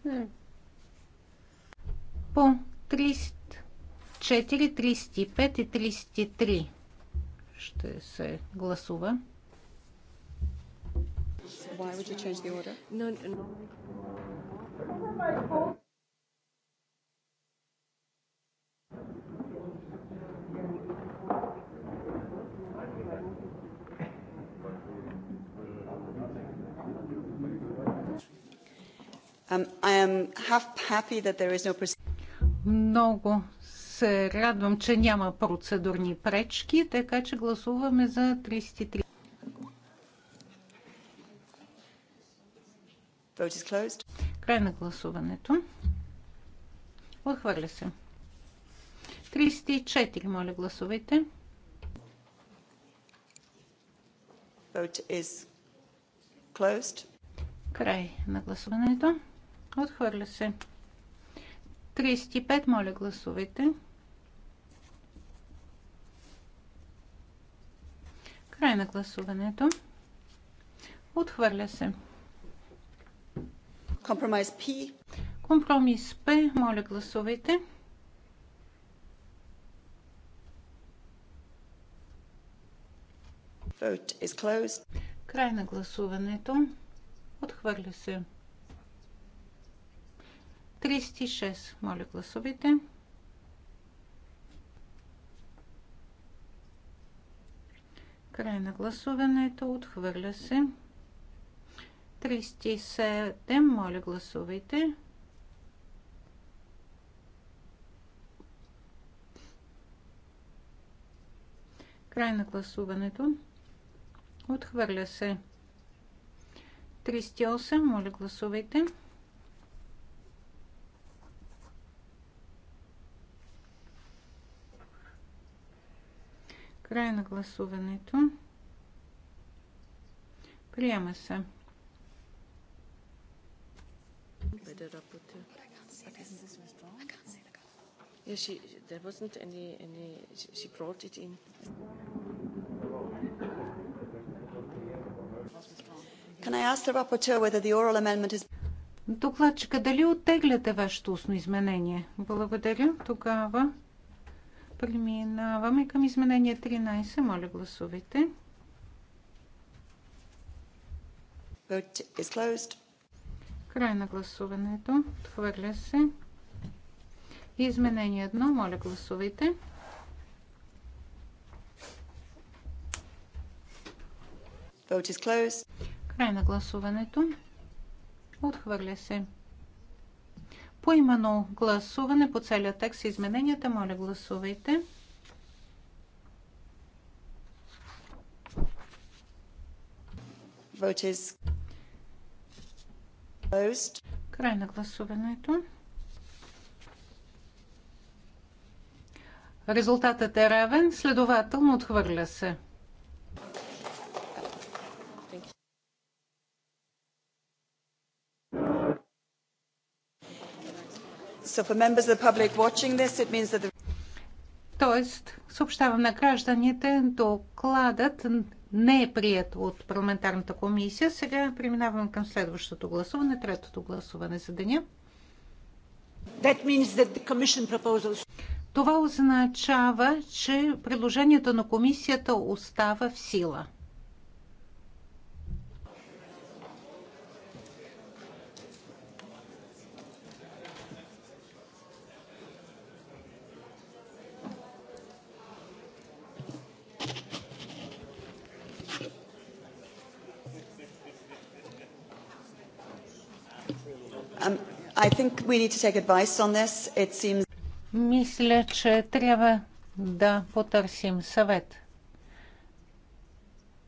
По 34, 35 и 33 ще се гласува. Why would you change the order? No, no. Um, Много се радвам, че няма процедурни пречки, така че гласуваме за 33. Край на гласуването. Отхвърля се. 34, моля гласувайте. Край на гласуването. Отхвърля се. 35. Моля, гласувайте. Край на гласуването. Отхвърля се. Компромис П. Компромис П. Моля, гласувайте. Край на гласуването. Отхвърля се. 36. Моля, гласувайте. Край на гласуването. Отхвърля се. 37. Моля, гласувайте. Край на гласуването. Отхвърля се. 38. Моля, гласувайте. Край на гласуването. Приема се. Can I ask the rapporteur whether the oral amendment is... Докладчика, дали оттегляте вашето устно изменение? Благодаря. Тогава Преминаваме към изменение 13. Моля, гласувайте. Край на гласуването. Отхвърля се. Изменение 1. Моля, гласувайте. Край на гласуването. Отхвърля се. По гласуване по целия текст и измененията, моля гласувайте. Край на гласуването. Резултатът е равен, следователно отхвърля се. Тоест, съобщавам на гражданите, докладът не е прият от парламентарната комисия. Сега преминавам към следващото гласуване, третото гласуване за деня. That that proposals... Това означава, че предложението на комисията остава в сила. Мисля, че трябва да потърсим съвет.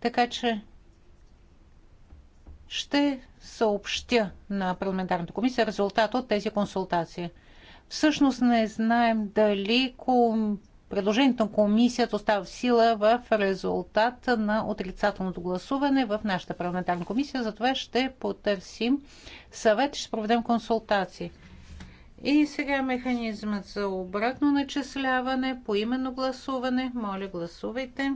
Така че ще съобщя на парламентарната комисия резултат от тези консултации. Всъщност не знаем дали ком... Предложението на комисията остава в сила в резултат на отрицателното гласуване в нашата парламентарна комисия. Затова ще потърсим съвет и ще проведем консултации. И сега механизмът за обратно начисляване, по именно гласуване. Моля, гласувайте.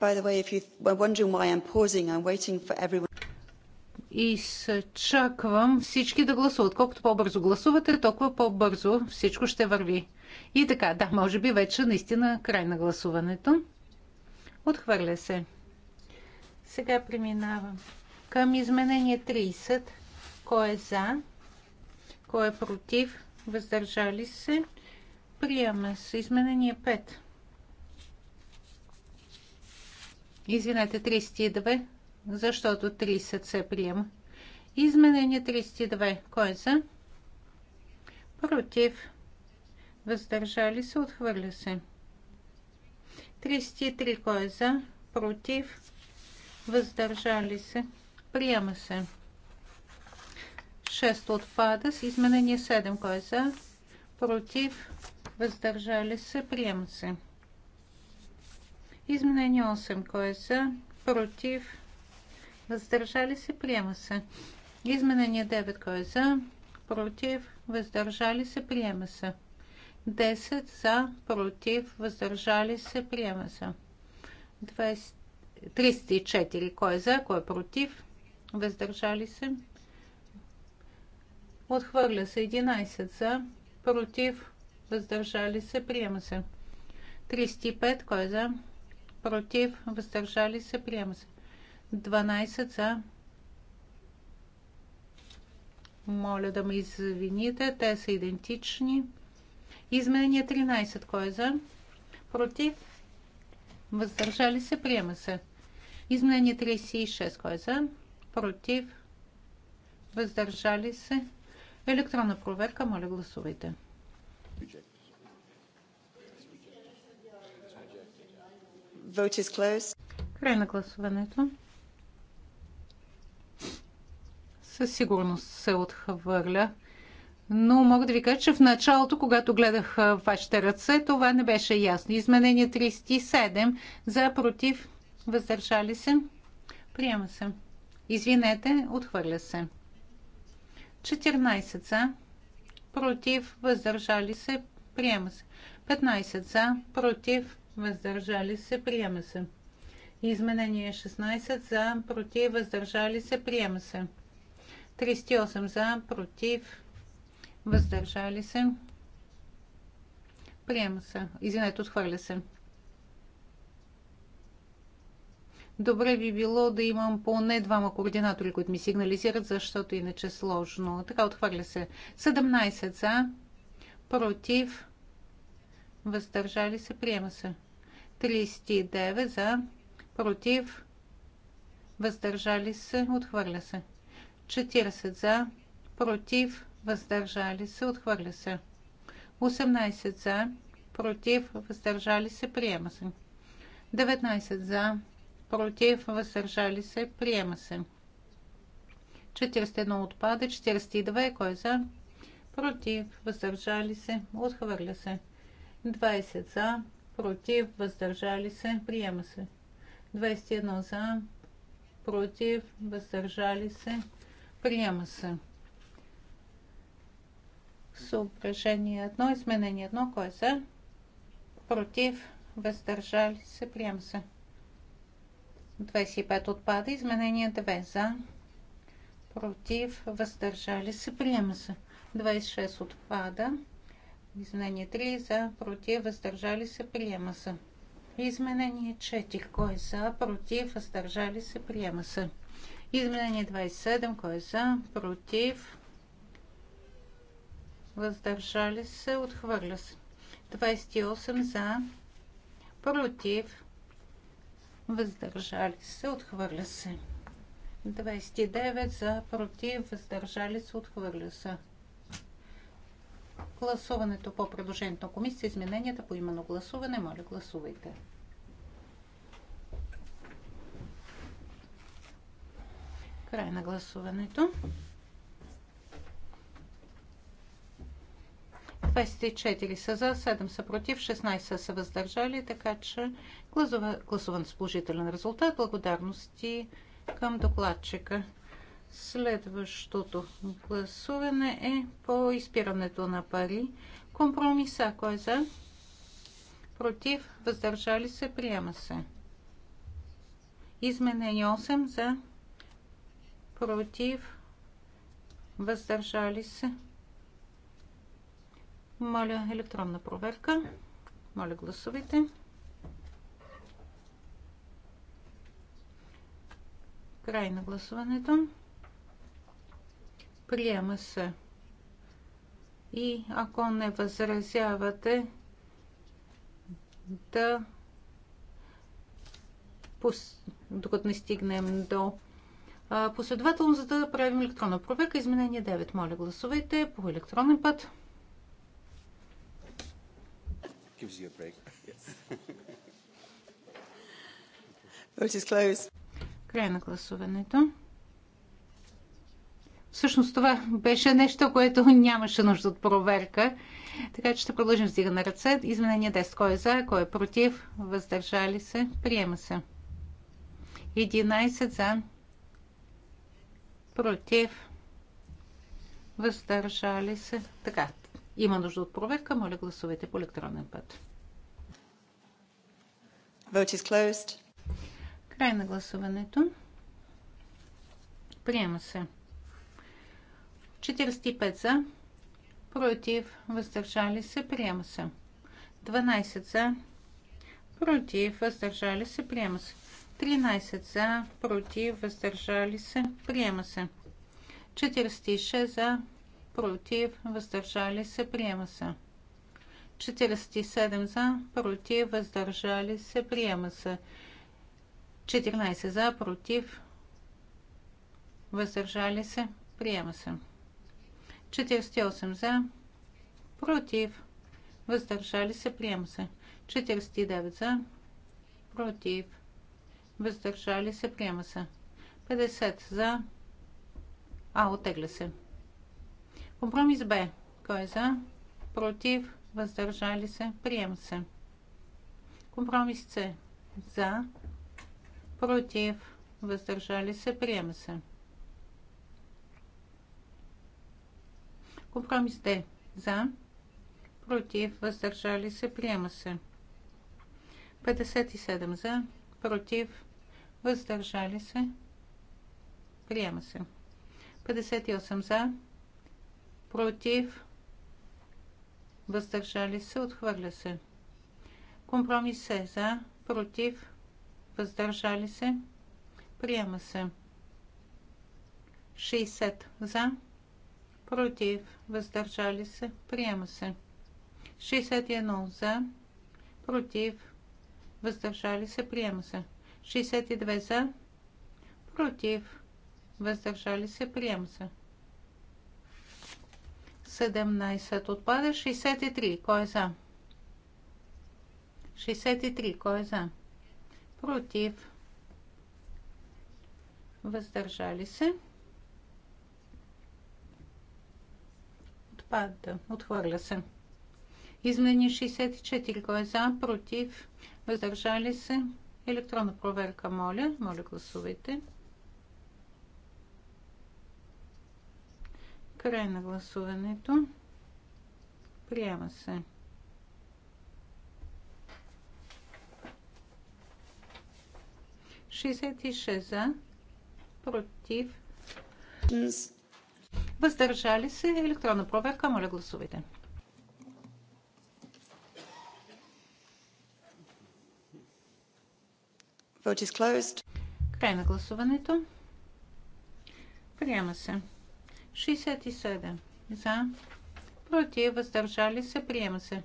By the way, if you were wondering why I'm pausing, I'm waiting for everyone. всички да гласуват. Колкото по-бързо гласувате, толкова по-бързо всичко ще върви. И така, да, може би вече наистина край на гласуването. Отхвърля се. Сега преминавам към изменение 30. Кой е за? Кой е против? Въздържали се? Приема се. Изменение 5. Извинете, 32, защото 30 се приема. Изменение 32. Кой е за? Против. Въздържали се, отхвърля се. 33. Кой е за? Против. Въздържали се. Приема се. 6 отпада с изменение 7. Кой е за? Против. Въздържали се. Приема се. Изменение 8. Кой е за? Против? Въздържали се? Приема се. Изменение 9. Кой е за? Против? Въздържали се? Приема се. 10 за, против, въздържали се, приема се. 20... 304. Кой е за, кой е против, въздържали се. Отхвърля се 11 за, против, въздържали се, приема се. 35. Кой е за, против, въздържали се, приема се. 12 за. Моля да ме извините, те са идентични. Изменение 13, кой е за? Против, въздържали се, приема се. Изменение 36, кой е за? Против, въздържали се. Електронна проверка, моля гласувайте. Бюджет. Vote is closed. Край на гласуването. Със сигурност се отхвърля. Но мога да ви кажа, че в началото, когато гледах вашите ръце, това не беше ясно. Изменение 37 за против въздържали се. Приема се. Извинете, отхвърля се. 14 за против въздържали се. Приема се. 15 за против въздържали се, приема се. Изменение 16 за, против, въздържали се, приема се. 38 за, против, въздържали се. Приема се. Извинете, отхвърля се. Добре би било да имам поне двама координатори, които ми сигнализират, защото иначе е сложно. Така отхвърля се. 17 за, против, въздържали се, приема се. 39 за, против, въздържали се, отхвърля се. 40 за, против, въздържали се, отхвърля се. 18 за, против, въздържали се, приема се. 19 за, против, въздържали се, приема се. 41 отпада, 42 кой е за, против, въздържали се, отхвърля се. 20 за, против, въздържали се, приема се. 21 за, против, въздържали се, приема се. Съображение 1, изменение 1, кой е за? Против, въздържали се, приема се. 25 отпада, изменение 2 за, против, въздържали се, приема се. 26 отпада. Изменение 3 за, против, въздържали се, приема се. Изменение 4. Кой е за, против, въздържали се, приема се. Изменение 27. Кой е за, против, въздържали се, отхвърля се. 28 за, против, въздържали се, отхвърля се. 29 за, против, въздържали се, отхвърля се гласуването по предложението на комисията, измененията по именно гласуване. Моля, гласувайте. Край на гласуването. 24 са за, 7 са против, 16 са въздържали, така че гласуван с положителен резултат. Благодарности към докладчика. Следващото гласуване е по изпирането на пари. Компромиса, кой е за? Против, въздържали се, приема се. Изменение 8 за против, въздържали се. Моля електронна проверка. Моля гласувайте. Край на гласуването. Приема се. И ако не възразявате, да докато не стигнем до последователно, за да правим електронна проверка. Изменение 9. Моля, гласувайте по електронен път. Край на гласуването. Всъщност това беше нещо, което нямаше нужда от проверка. Така че ще продължим с на ръце. Изменение 10. Кой е за, кой е против, въздържали се, приема се. 11 за, против, въздържали се. Така, има нужда от проверка. Моля, гласувайте по електронен път. Vote is closed. Край на гласуването. Приема се. 45 за, против, въздържали се, приема се. 12 за, против, въздържали се, приема се. 13 за, против, въздържали се, приема се. 46 за, против, въздържали се, приема се. 47 за, против, въздържали се, приема се. 14 за, против, въздържали се, приема се. 48 за, против, въздържали се, приема се. 49 за, против, въздържали се, приема се. 50 за, а, отегля се. Компромис Б. Кой е за? Против, въздържали се, приема се. Компромис С. За, против, въздържали се, приема се. Компромис Д. За. Против. Въздържали се. Приема се. 57 за. Против. Въздържали се. Приема се. 58 за. Против. Въздържали се. Отхвърля се. Компромис Е. За. Против. Въздържали се. Приема се. 60 за против, въздържали се, приема се. 61 за, против, въздържали се, приема се. 62 за, против, въздържали се, приема се. 17 отпада, 63, кой е за? 63, кой е за? Против, въздържали се. Пада. Отхвърля се. Измени 64. Кой е за? Против? Въздържали се? Електронна проверка, моля. Моля, гласувайте. Край на гласуването. Приема се. Шестдесет и шест за, против въздържали се, електронна проверка, моля гласувайте. Vote is closed. Край на гласуването. Приема се. 67 за, против, въздържали се, приема се.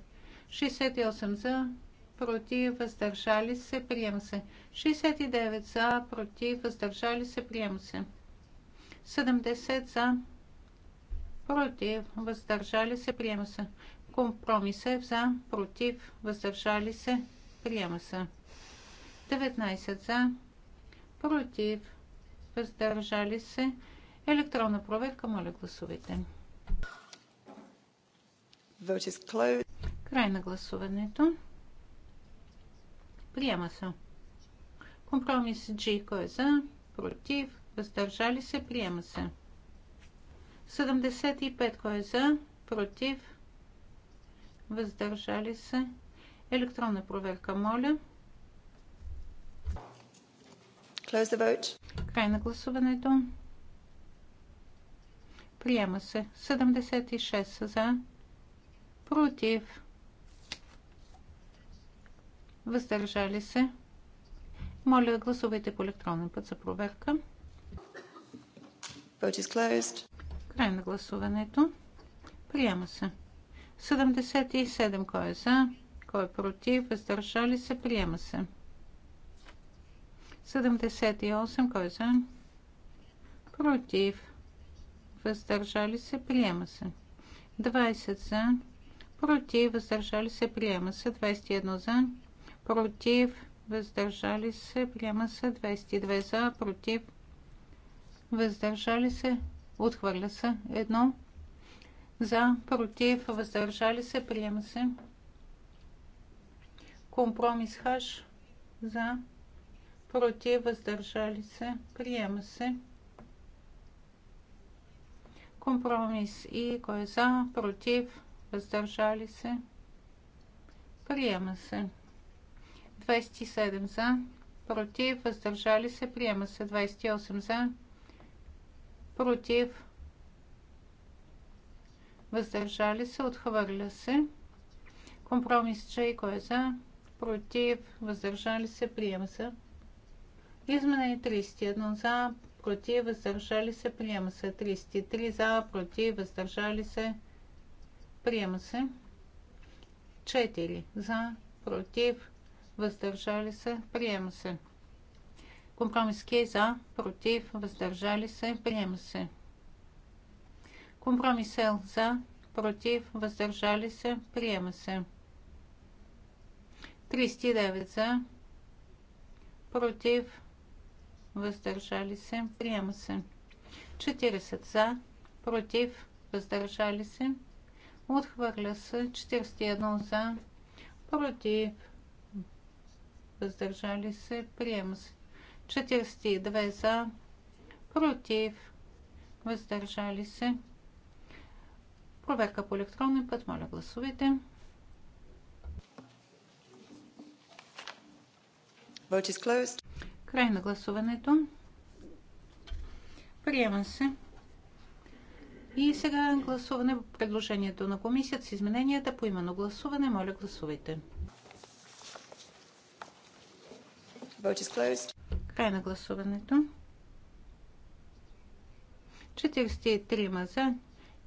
68 за, против, въздържали се, приема се. 69 за, против, въздържали се, приема се. 70 за, против, въздържали се, приема се. Компромис е за, против, въздържали се, приема се. 19 за, против, въздържали се. Електронна проверка, моля гласовете. Край на гласуването. Приема се. Компромис G, кой е за, против, въздържали се, приема се. 75. Кой е за? Против? Въздържали се? Електронна проверка, моля. Close the vote. Край на гласуването. Приема се. 76 за. Против. Въздържали се. Моля, гласувайте по електронен път за проверка. Vote is closed. Край на гласуването. Приема се. 77. Кой е за? Кой е против? Въздържали се? Приема се. 78. Кой е за? Против. Въздържали се? Приема се. 20 за. Против. Въздържали се? Приема се. 21 за. Против. Въздържали се? Приема се. 22 за. Против. Въздържали се? Отхвърля се. Едно. За, против, въздържали се, приема се. Компромис хаш. За, против, въздържали се, приема се. Компромис и кой е за, против, въздържали се, приема се. 27 за, против, въздържали се, приема се. 28 за, против, въздържали се, отхвърля се. Компромис J, кой е за, против, въздържали се, приема се. Изменение 31 за, против, въздържали се, приема се. 33 за, против, въздържали се, приема се. 4 за, против, въздържали се, приема се. Компромис за, против, въздържали се, приема се. Компромис Л за, против, въздържали се, приема се. 39 за, против, въздържали се, приема се. 40 за, против, въздържали се, отхвърля се. 41 за, против, въздържали се, приема се. 42 за, против, въздържали се. Проверка по електронен път. Моля, гласувайте. Край на гласуването. Приема се. И сега гласуване по предложението на комисията с измененията по именно гласуване. Моля, гласувайте. Vote is closed. Край на гласуването. 43 за,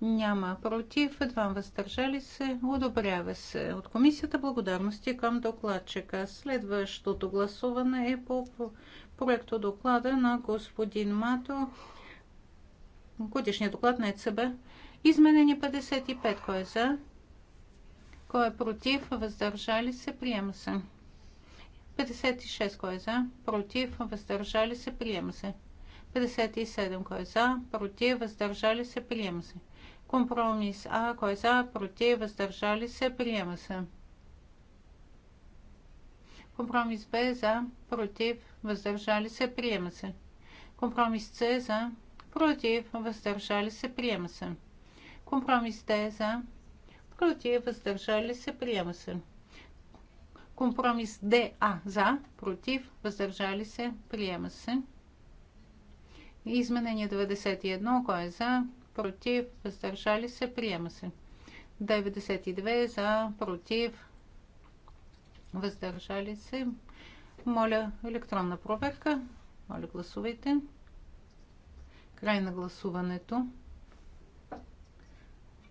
няма против, едва въздържали се, одобрява се. От комисията благодарности към докладчика. Следващото гласуване е по проекто доклада на господин Мато. Годишният доклад на ЕЦБ. Изменени 55. Кой е за? Кой е против? Въздържали се? Приема се. 56 кой е за, против, въздържали се, приема се. 57 кой е за, против, въздържали се, приема се. Компромис А кой е за, против, въздържали се, приема се. Компромис Б за, против, въздържали се, приема се. Компромис С за, против, въздържали се, приема се. Компромис Д за, против, въздържали се, приема се. Компромис ДА за, против, въздържали се, приема се. Изменение 91, кой е за, против, въздържали се, приема се. 92 за, против, въздържали се. Моля електронна проверка. Моля гласувайте. Край на гласуването.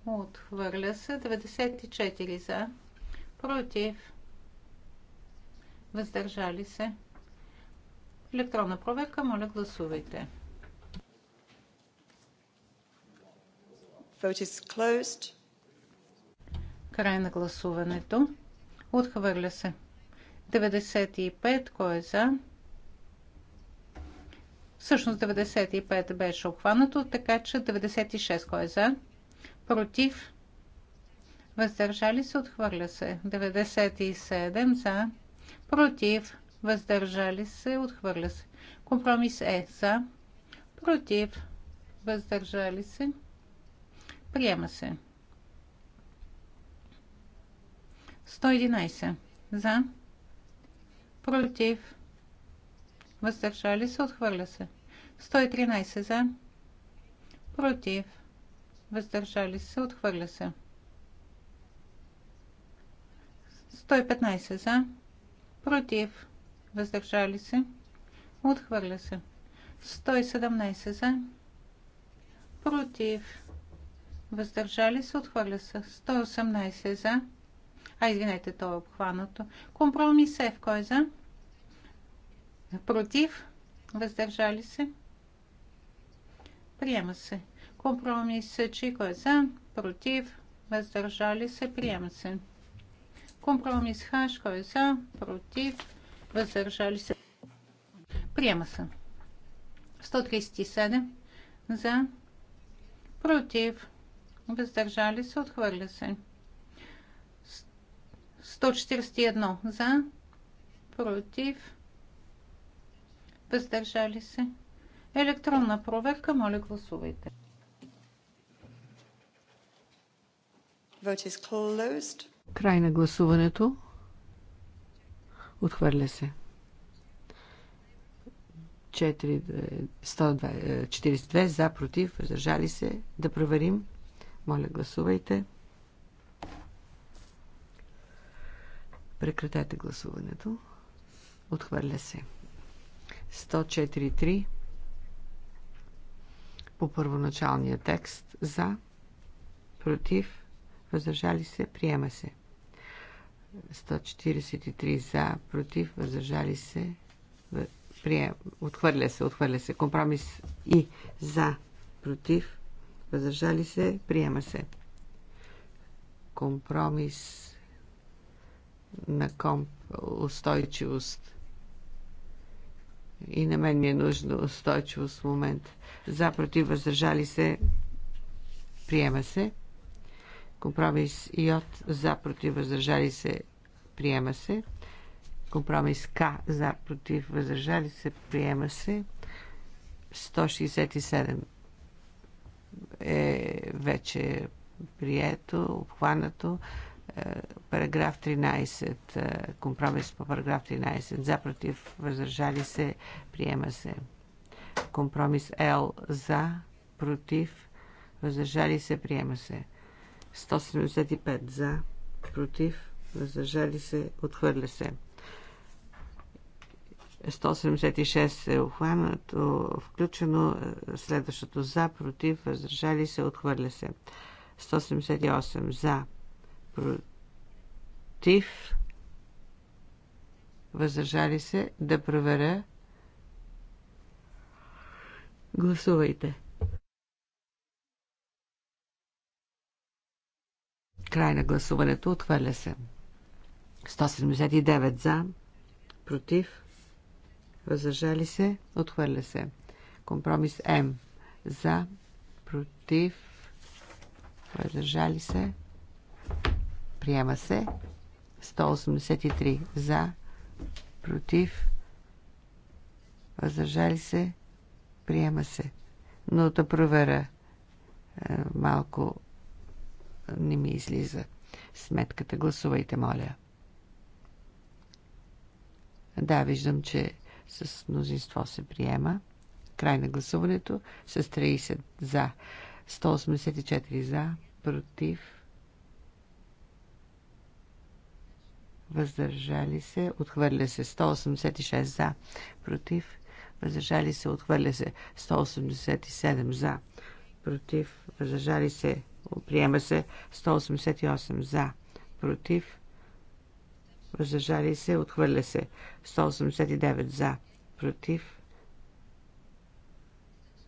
Отхвърля се 94 за, против, въздържали се. Електронна проверка, моля гласувайте. Vote is closed. Край на гласуването. Отхвърля се. 95, кой е за? Всъщност 95 беше обхванато, така че 96 кой е за? Против? Въздържали се? Отхвърля се. 97 за? против, въздържали се, отхвърля се. Компромис Е за, против, въздържали се, приема се. 111 за, против, въздържали се, отхвърля се. 113 за, против, въздържали се, отхвърля се. 115 за, против, въздържали се, отхвърля се. 117 за, против, въздържали се, отхвърля се. 118 за, а извинете, то е обхванато. Компромис в кой е за? Против, въздържали се, приема се. Компромис Чи кой е за? Против, въздържали се, приема се. Компромис Хаш, кой е за, против, въздържали се. Приема се. 137 за, против, въздържали се, отхвърля се. 141 за, против, въздържали се. Електронна проверка, моля гласувайте. Vote is closed. Край на гласуването. Отхвърля се. 42 е, за, против, въздържали се. Да проверим. Моля, гласувайте. Прекратете гласуването. Отхвърля се. 104.3 по първоначалния текст за, против, въздържали се, приема се. 143 за, против, въздържали се, приема, отхвърля се, отхвърля се. Компромис и за, против, въздържали се, приема се. Компромис на комп, устойчивост. И на мен ми е нужно устойчивост в момента. За, против, въздържали се, приема се. Компромис Й за против въздържали се приема се. Компромис К за против въздържали се приема се. 167 е вече прието, обхванато. Е, параграф 13, е, компромис по параграф 13, за против въздържали се, приема се. Компромис Л за против въздържали се, приема се. 175 за, против, въздържали се, отхвърля се. 176 е охванато, включено следващото за, против, въздържали се, отхвърля се. 178 за, против, въздържали се, да проверя. Гласувайте. 176. Край на гласуването. Отхвърля се. 179 за. Против. Въздържали се. Отхвърля се. Компромис М. За. Против. Въздържали се. Приема се. 183 за. Против. Въздържали се. Приема се. Но да проверя е, малко не ми излиза сметката. Гласувайте, моля. Да, виждам, че с мнозинство се приема. Край на гласуването с 30 за, 184 за, против, въздържали се, отхвърля се 186 за, против, въздържали се, отхвърля се 187 за, против, въздържали се, Приема се 188 за. Против. Въздържали се. Отхвърля се. 189 за. Против.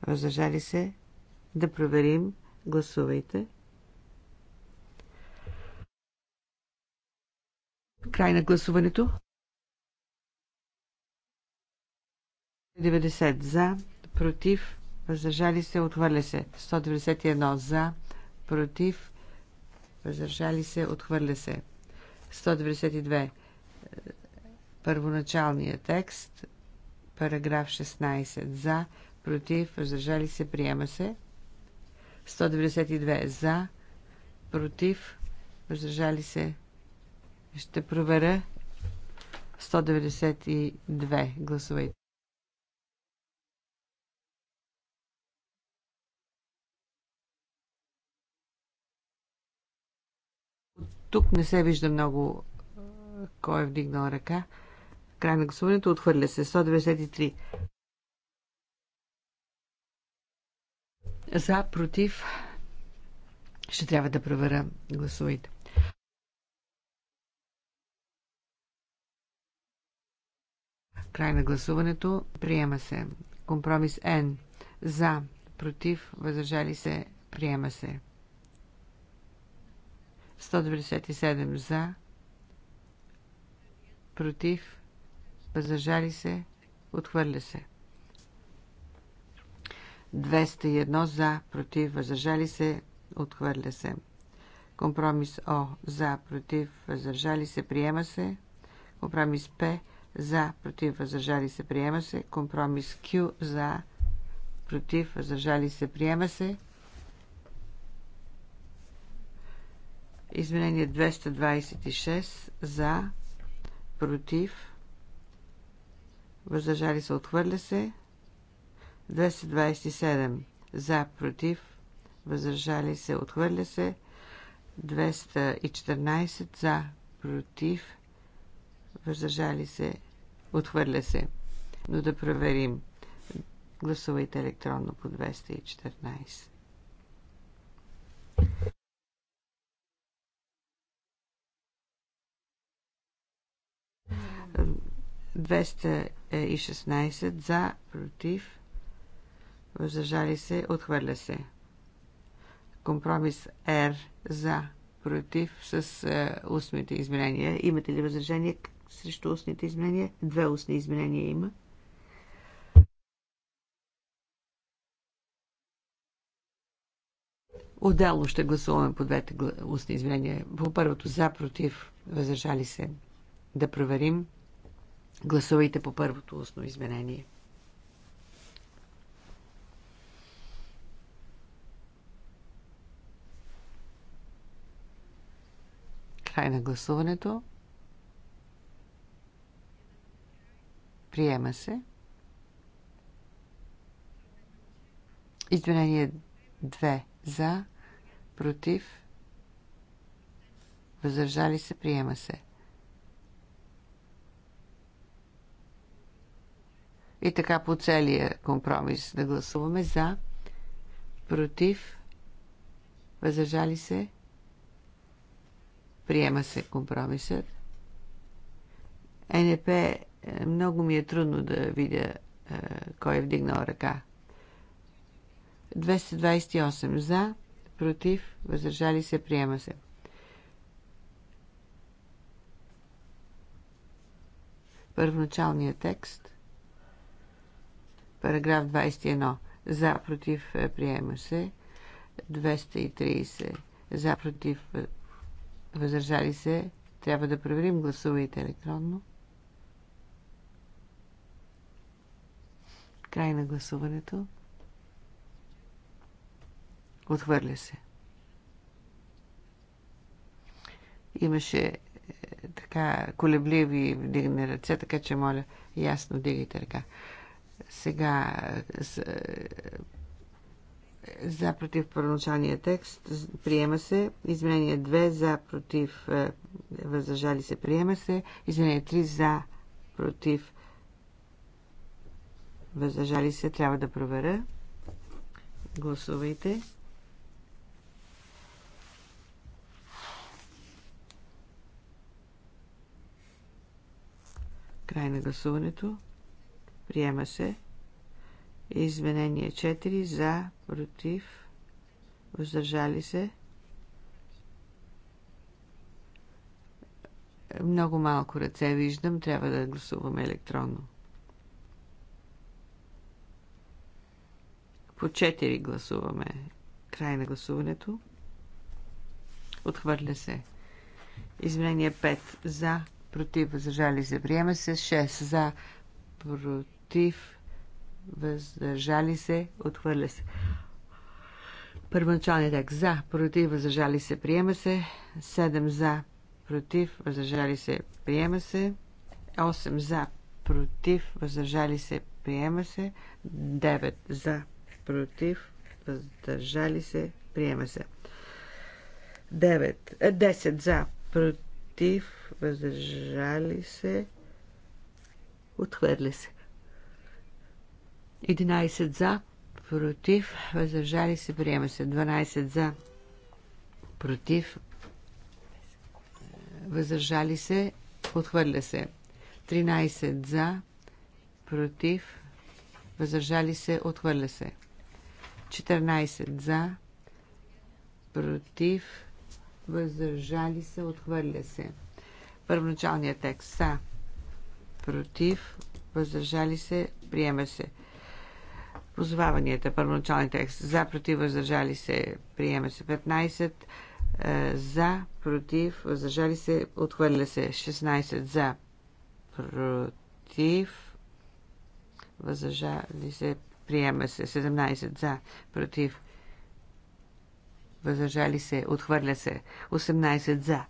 Въздържали се. Да проверим. Гласувайте. Край на гласуването. 90 за, против, въздържали се, отхвърля се. 191 за, против, въздържали се, отхвърля се. 192. първоначалния текст, параграф 16. За, против, въздържали се, приема се. 192. За, против, въздържали се. Ще проверя. 192. Гласувайте. Тук не се вижда много кой е вдигнал ръка. Край на гласуването отхвърля се. 193. За, против. Ще трябва да проверя. гласовете. Край на гласуването. Приема се. Компромис Н. За, против, въздържали се. Приема се. 197 за, против, въздържали се, отхвърля се. 201 за, против, въздържали се, отхвърля се. Компромис О за, против, въздържали се, приема се. Компромис П за, против, въздържали се, приема се. Компромис Q за, против, въздържали се, приема се. Изменение 226 за, против, въздържали се, отхвърля се. 227 за, против, въздържали се, отхвърля се. 214 за, против, въздържали се, отхвърля се. Но да проверим. Гласувайте електронно по 214. 216 за, против, въздържали се, отхвърля се. Компромис Р за, против, с е, устните изменения. Имате ли възражение срещу устните изменения? Две устни изменения има. Отделно ще гласуваме по двете устни изменения. По първото за, против, въздържали се. Да проверим. Гласувайте по първото устно изменение. Край на гласуването. Приема се. Изменение 2 за, против, въздържали се, приема се. И така по целия компромис да гласуваме за, против, въздържали се, приема се компромисът. НП е, много ми е трудно да видя е, кой е вдигнал ръка. 228 за, против, въздържали се, приема се. Първоначалният текст Параграф 21. За, против, е, приема се. 230. За, против, е, въздържали се. Трябва да проверим. Гласувайте електронно. Край на гласуването. Отхвърля се. Имаше е, така колебливи вдигне ръце, така че моля, ясно дигайте ръка. Сега е, за против първоначалния текст приема се. Изменение 2 за против е, въздържали се приема се. Изменение 3 за против въздържали се трябва да проверя. Гласувайте. Край на гласуването. Приема се. Изменение 4. За, против, въздържали се. Много малко ръце виждам. Трябва да гласуваме електронно. По 4 гласуваме. Край на гласуването. Отхвърля се. Изменение 5. За, против, въздържали се. Приема се. 6. За, против против, въздържали се, отхвърля се. Първоначалният текст за, против, въздържали се, приема се. 7 за, против, въздържали се, приема се. 8 за, против, въздържали се, приема се. 9 за, против, въздържали се, приема се. 9, 10 е, за, против, въздържали се, отхвърля се. 11 за, против, въздържали се, приема се. 12 за, против, въздържали се, отхвърля се. 13 за, против, въздържали се, отхвърля се. 14 за, против, въздържали се, отхвърля се. Първоначалният текст са, против, въздържали се, приема се позоваванията, първоначалния текст. За, против, въздържали се, приема се 15. Е, за, против, въздържали се, отхвърля се 16. За, против, въздържали се, приема се 17. За, против, въздържали се, отхвърля се 18. За,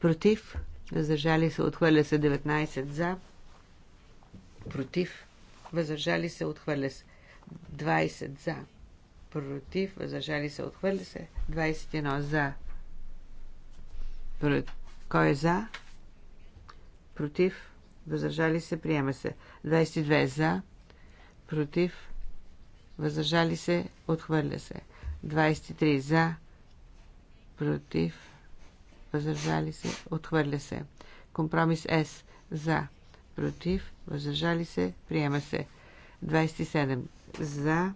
против, въздържали се, отхвърля се 19. За, против, въздържали се, отхвърля се. 20 за. Против. Въздържали се. Отхвърля се. 21 за. Кой е за? Против. Въздържали се. Приема се. 22 за. Против. Въздържали се. Отхвърля се. 23 за. Против. Въздържали се. Отхвърля се. Компромис С. За. Против. Въздържали се. Приема се. 27 за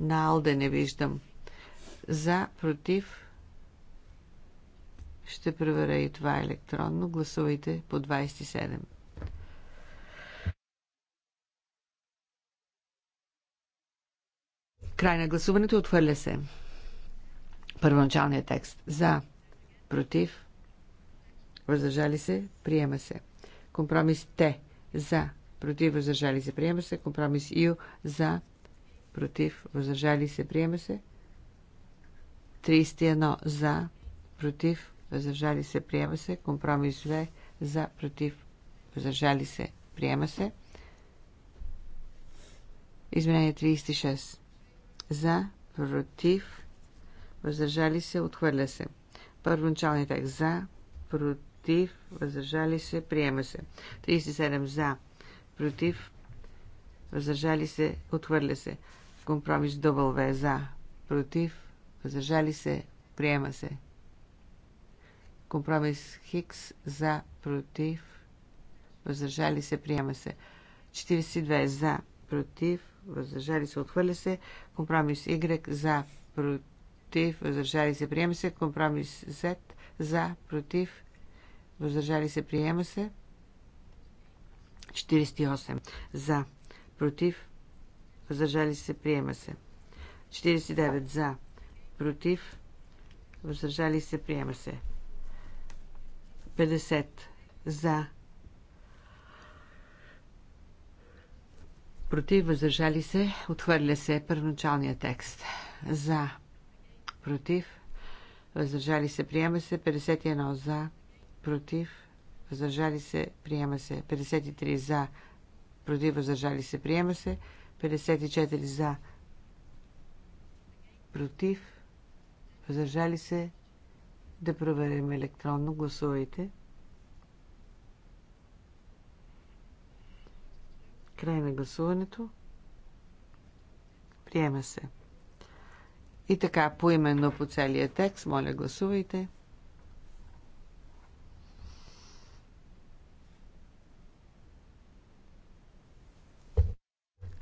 на Алде не виждам. За, против. Ще проверя и това електронно. Гласувайте по 27. Край на гласуването отхвърля се. Първоначалният текст. За, против, въздържали се, приема се. Компромис Т за, против, въздържали се, приема се. Компромис Ю за, против, въздържали се, приема се. 31 за, против, въздържали се, приема се. Компромис 2 за, против, въздържали се, приема се. Изменение 36 за, против, въздържали се, отхвърля се. Първоначалният текст за, против, против, въздържали се, приема се. 37 за, против, въздържали се, отхвърля се. Компромис В за, против, въздържали се, приема се. Компромис Хикс за, против, въздържали се, приема се. 42 за, против, въздържали се, отхвърля се. Компромис Y за, против, въздържали се, приема се. Компромис Z за, против, въздържали се, приема се. 48 за, против, въздържали се, приема се. 49 за, против, въздържали се, приема се. 50 за, против, въздържали се, отхвърля се първоначалния текст. За, против, въздържали се, приема се. 51 за, против, въздържали се, приема се. 53 за, против, въздържали се, приема се. 54 за, против, въздържали се. Да проверим електронно. Гласувайте. Край на гласуването. Приема се. И така, поименно по целия текст, моля гласувайте.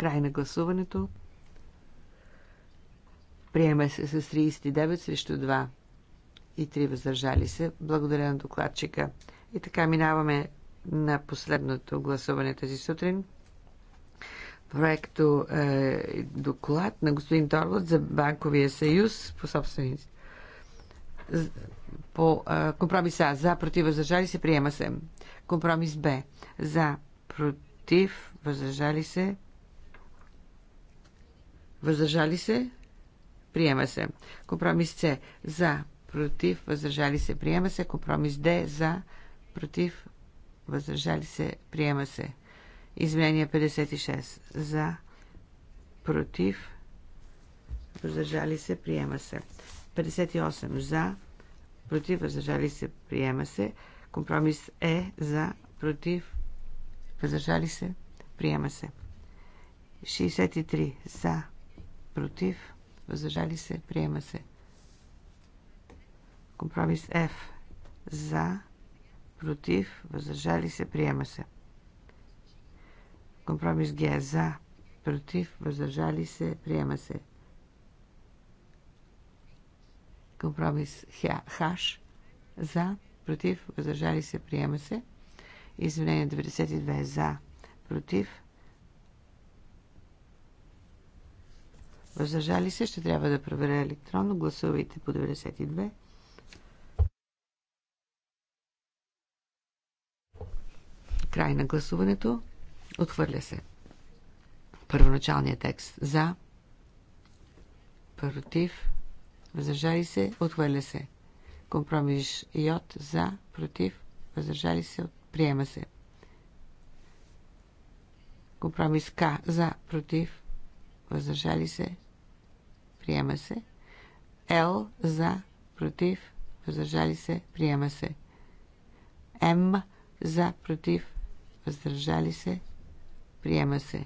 Край на гласуването. Приема се с 39 срещу 2 и 3 въздържали се. Благодаря на докладчика. И така минаваме на последното гласуване тази сутрин. Проекто е, доклад на господин Торвот за Банковия съюз по собственици. По е, компромис А. За, против, въздържали се, приема се. Компромис Б. За, против, въздържали се, Въздържали се? Приема се. Компромис С. За. Против. Въздържали се. Приема се. Компромис Д. За. Против. Въздържали се. Приема се. Изменение 56. За. Против. Въздържали се. Приема се. 58. За. Против. Въздържали се. Приема се. Компромис Е. За. Против. Въздържали се. Приема се. 63. За против, въздържали се, приема се. Компромис F за, против, въздържали се, приема се. Компромис Г за, против, въздържали се, приема се. Компромис Х за, против, въздържали се, приема се. Извинение 92 за, против, Въздържали се, ще трябва да проверя електронно. Гласувайте по 92. Край на гласуването. Отхвърля се. Първоначалният текст. За. Против. Въздържали се. Отхвърля се. Компромис йод. За. Против. Въздържали се. Приема се. Компромис К. За. Против. Въздържали се приема се. Л за, против, въздържали се, приема се. М за, против, въздържали се, приема се.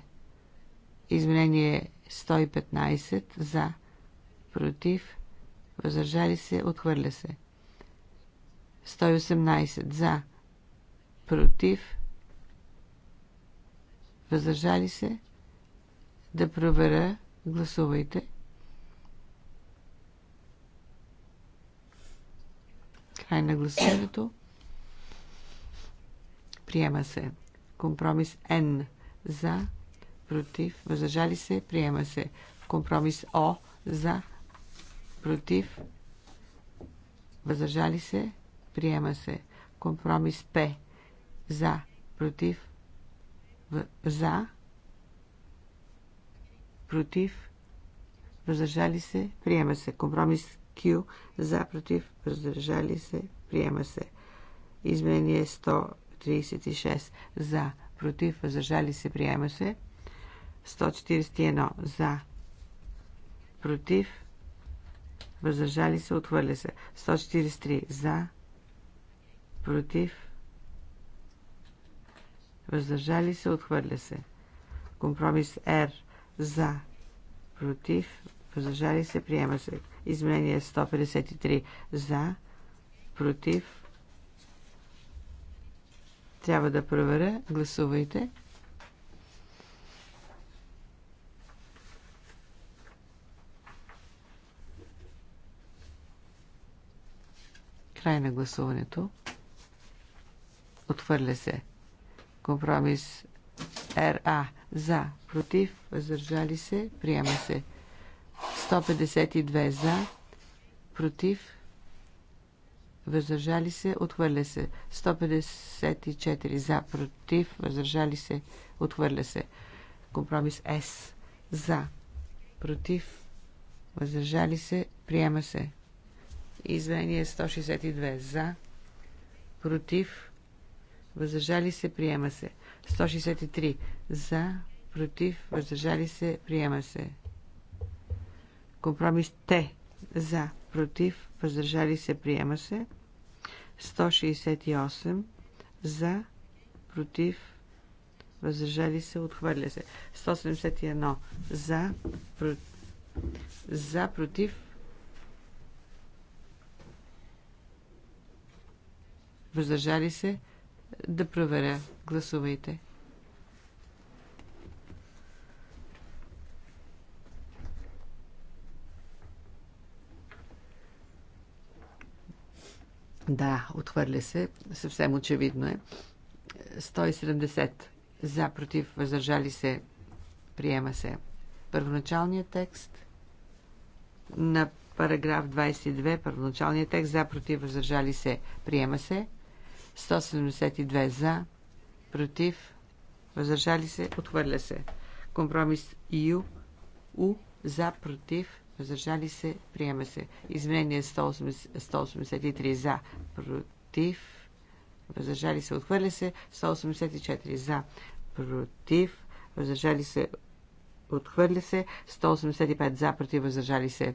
Изменение 115 за, против, въздържали се, отхвърля се. 118 за, против, въздържали се, да проверя, гласувайте. е на гласуването. Приема се. Компромис Н. За. Против. Въздържали се. Приема се. Компромис О. За. Против. Въздържали се. Приема се. Компромис П. За. Против. В... За. Против. Въздържали се. Приема се. Компромис Q за против въздържали се приема се. Изменение 136 за против въздържали се приема се. 141 за против въздържали се отхвърля се. 143 за против въздържали се отхвърля се. Компромис R за против въздържали се, приема се. Изменение 153 за, против. Трябва да проверя. Гласувайте. Край на гласуването. Отвърля се. Компромис РА за, против, въздържали се, приема се. 152 за, против, въздържали се, отхвърля се. 154 за, против, въздържали се, отхвърля се. Компромис С. За, против, въздържали се, приема се. Извинение 162 за, против, въздържали се, приема се. 163 за, против, въздържали се, приема се. Компромис Т за, против, въздържали се, приема се. 168 за, против, въздържали се, отхвърля се. 171 за, про... за против, въздържали се, да проверя. Гласувайте. Да, отхвърля се. Съвсем очевидно е. 170 за, против, въздържали се, приема се. Първоначалният текст на параграф 22, първоначалният текст за, против, въздържали се, приема се. 172 за, против, въздържали се, отхвърля се. Компромис ИУ, У, за, против, въздържали се, приема се. Изменение 183 за, против, въздържали се, отхвърля се, 184 за, против, въздържали се, отхвърля се, 185 за, против, въздържали се,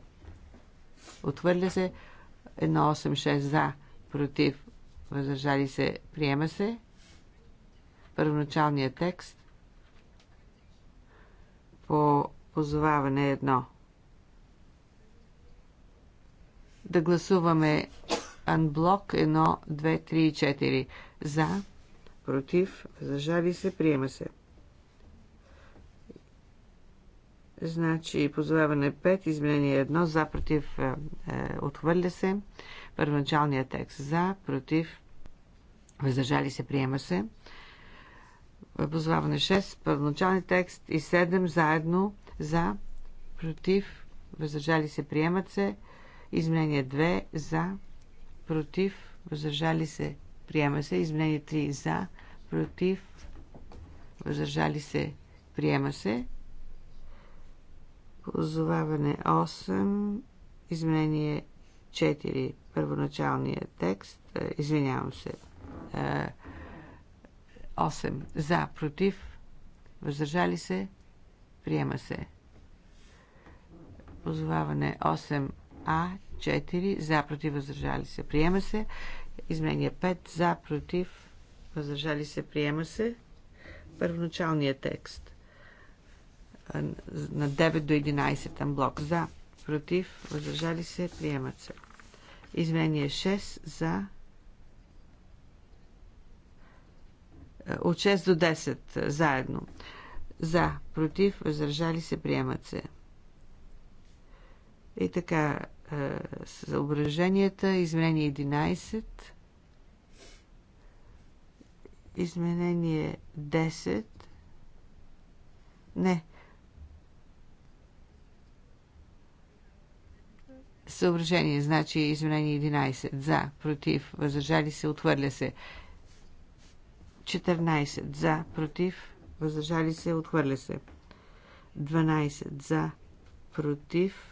отхвърля се, 186 за, против, въздържали се, приема се. Първоначалният текст по позоваване едно. да гласуваме анблок 1, 2, 3 и 4. За, против, въздържали се, приема се. Значи позоваване 5, изменение 1, за, против, е, е, отхвърля се. Първоначалният текст за, против, въздържали се, приема се. Позоваване 6, първоначалният текст и 7 заедно, за, против, въздържали се, приемат се. Изменение 2 за, против, въздържали се, приема се. Изменение 3 за, против, въздържали се, приема се. Позоваване 8, изменение 4, първоначалния текст, е, извинявам се, 8 е, за, против, въздържали се, приема се. Позоваване 8 а4 за против въздържали се. Приема се. Изменя 5 за против въздържали се. Приема се. Първоначалният текст на 9 до 11 блок за против въздържали се. Приемат се. Изменя 6 за от 6 до 10 заедно. За, против, въздържали се, приемат се. И е така, съображенията, изменение 11, изменение 10, не, съображение, значи изменение 11, за, против, въздържали се, отхвърля се. 14, за, против, въздържали се, отхвърля се. 12, за, против,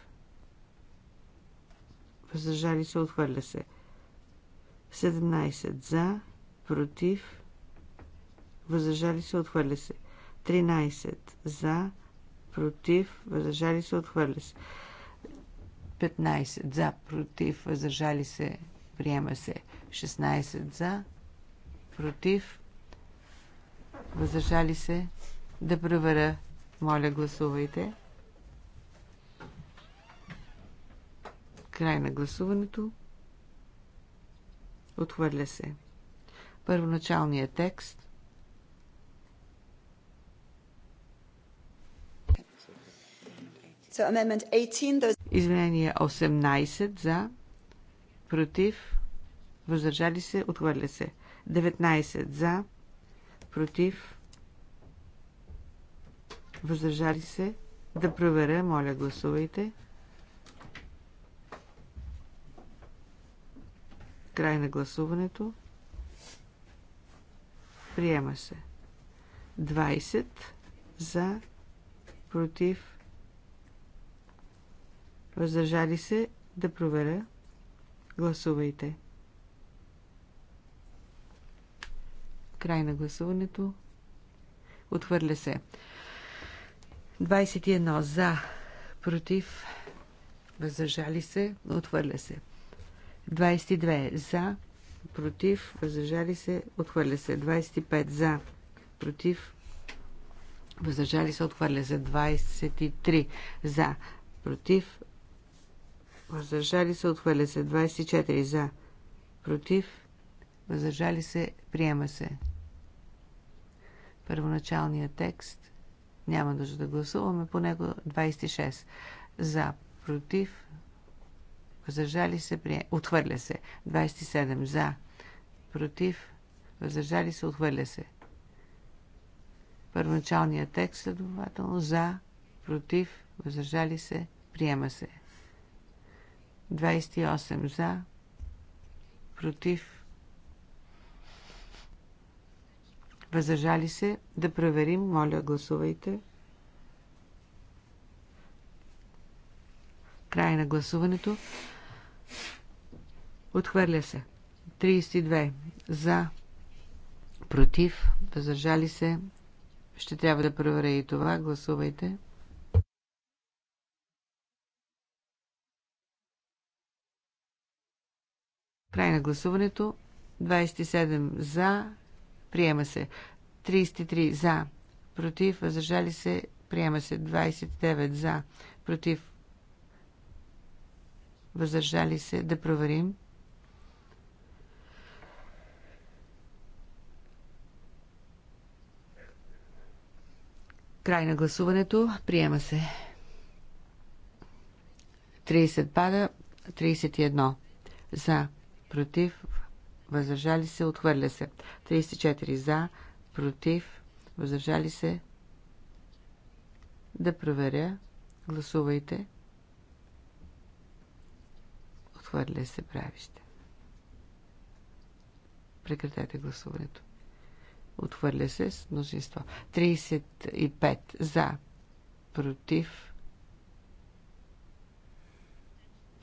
въздържали се, отхвърля се. 17 за, против, въздържали се, отхвърля се. 13 за, против, въздържали се, отхвърля се. 15 за, против, въздържали се, приема се. 16 за, против, въздържали се, да проверя. Моля, гласувайте. Край на гласуването. Отхвърля се. Първоначалният текст. Извинение 18 за, против, въздържали се, отхвърля се. 19 за, против, въздържали се. Да проверя, моля гласувайте. Край на гласуването. Приема се. 20 за, против, въздържали се, да проверя. Гласувайте. Край на гласуването. Отхвърля се. 21 за, против, въздържали се, отхвърля се. 22 за, против, въздържали се, отхвърля се. 25 за, против, въздържали се, отхвърля се. 23 за, против, въздържали се, отхвърля се. 24 за, против, въздържали се, приема се. Първоначалният текст няма нужда да гласуваме по него. 26 за, против, въздържали се, прие... отхвърля се. 27 за, против, въздържали се, отхвърля се. Първоначалният текст, следователно, за, против, въздържали се, приема се. 28 за, против, въздържали се, да проверим, моля, гласувайте. Край на гласуването. Отхвърля се. 32. За. Против. Въздържали се. Ще трябва да проверя и това. Гласувайте. Край на гласуването. 27 за. Приема се. 33 за. Против. Въздържали се. Приема се. 29 за. Против. Въздържали се. Да проверим. Край на гласуването. Приема се. 30 пада, 31. За, против, въздържали се, отхвърля се. 34 за, против, въздържали се. Да проверя. Гласувайте. Отхвърля се правище. Прекратете гласуването. Отхвърля се с множество 35 за. Против.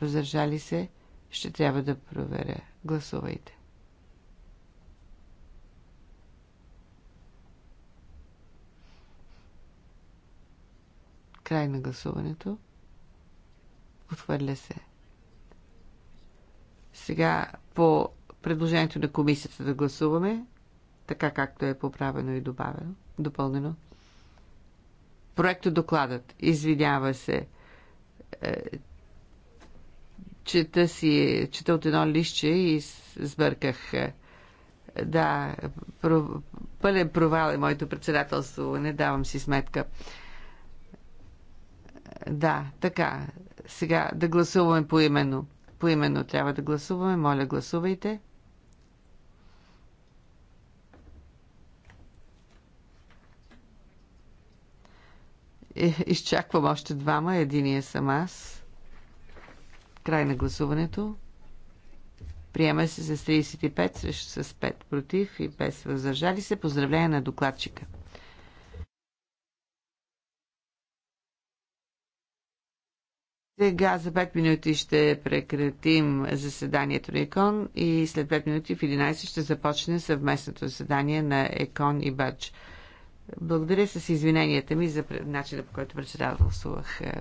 Въздържали се. Ще трябва да проверя. Гласувайте. Край на гласуването. Отхвърля се. Сега по предложението на комисията да гласуваме така както е поправено и добавено, допълнено. Проекто докладът извинява се, е, чета, си, чета от едно лище и сбърках. Е, да, про, пълен провал е моето председателство, не давам си сметка. Да, така. Сега да гласуваме по именно. трябва да гласуваме. Моля, гласувайте. Е, изчаквам още двама. Единия съм аз. Край на гласуването. Приема се с 35 срещу с 5 против и без въздържали се. Поздравление на докладчика. Сега за 5 минути ще прекратим заседанието на ЕКОН и след 5 минути в 11 ще започне съвместното заседание на ЕКОН и БАЧ. Благодаря с извиненията ми за начина по който председателствах е,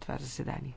това заседание.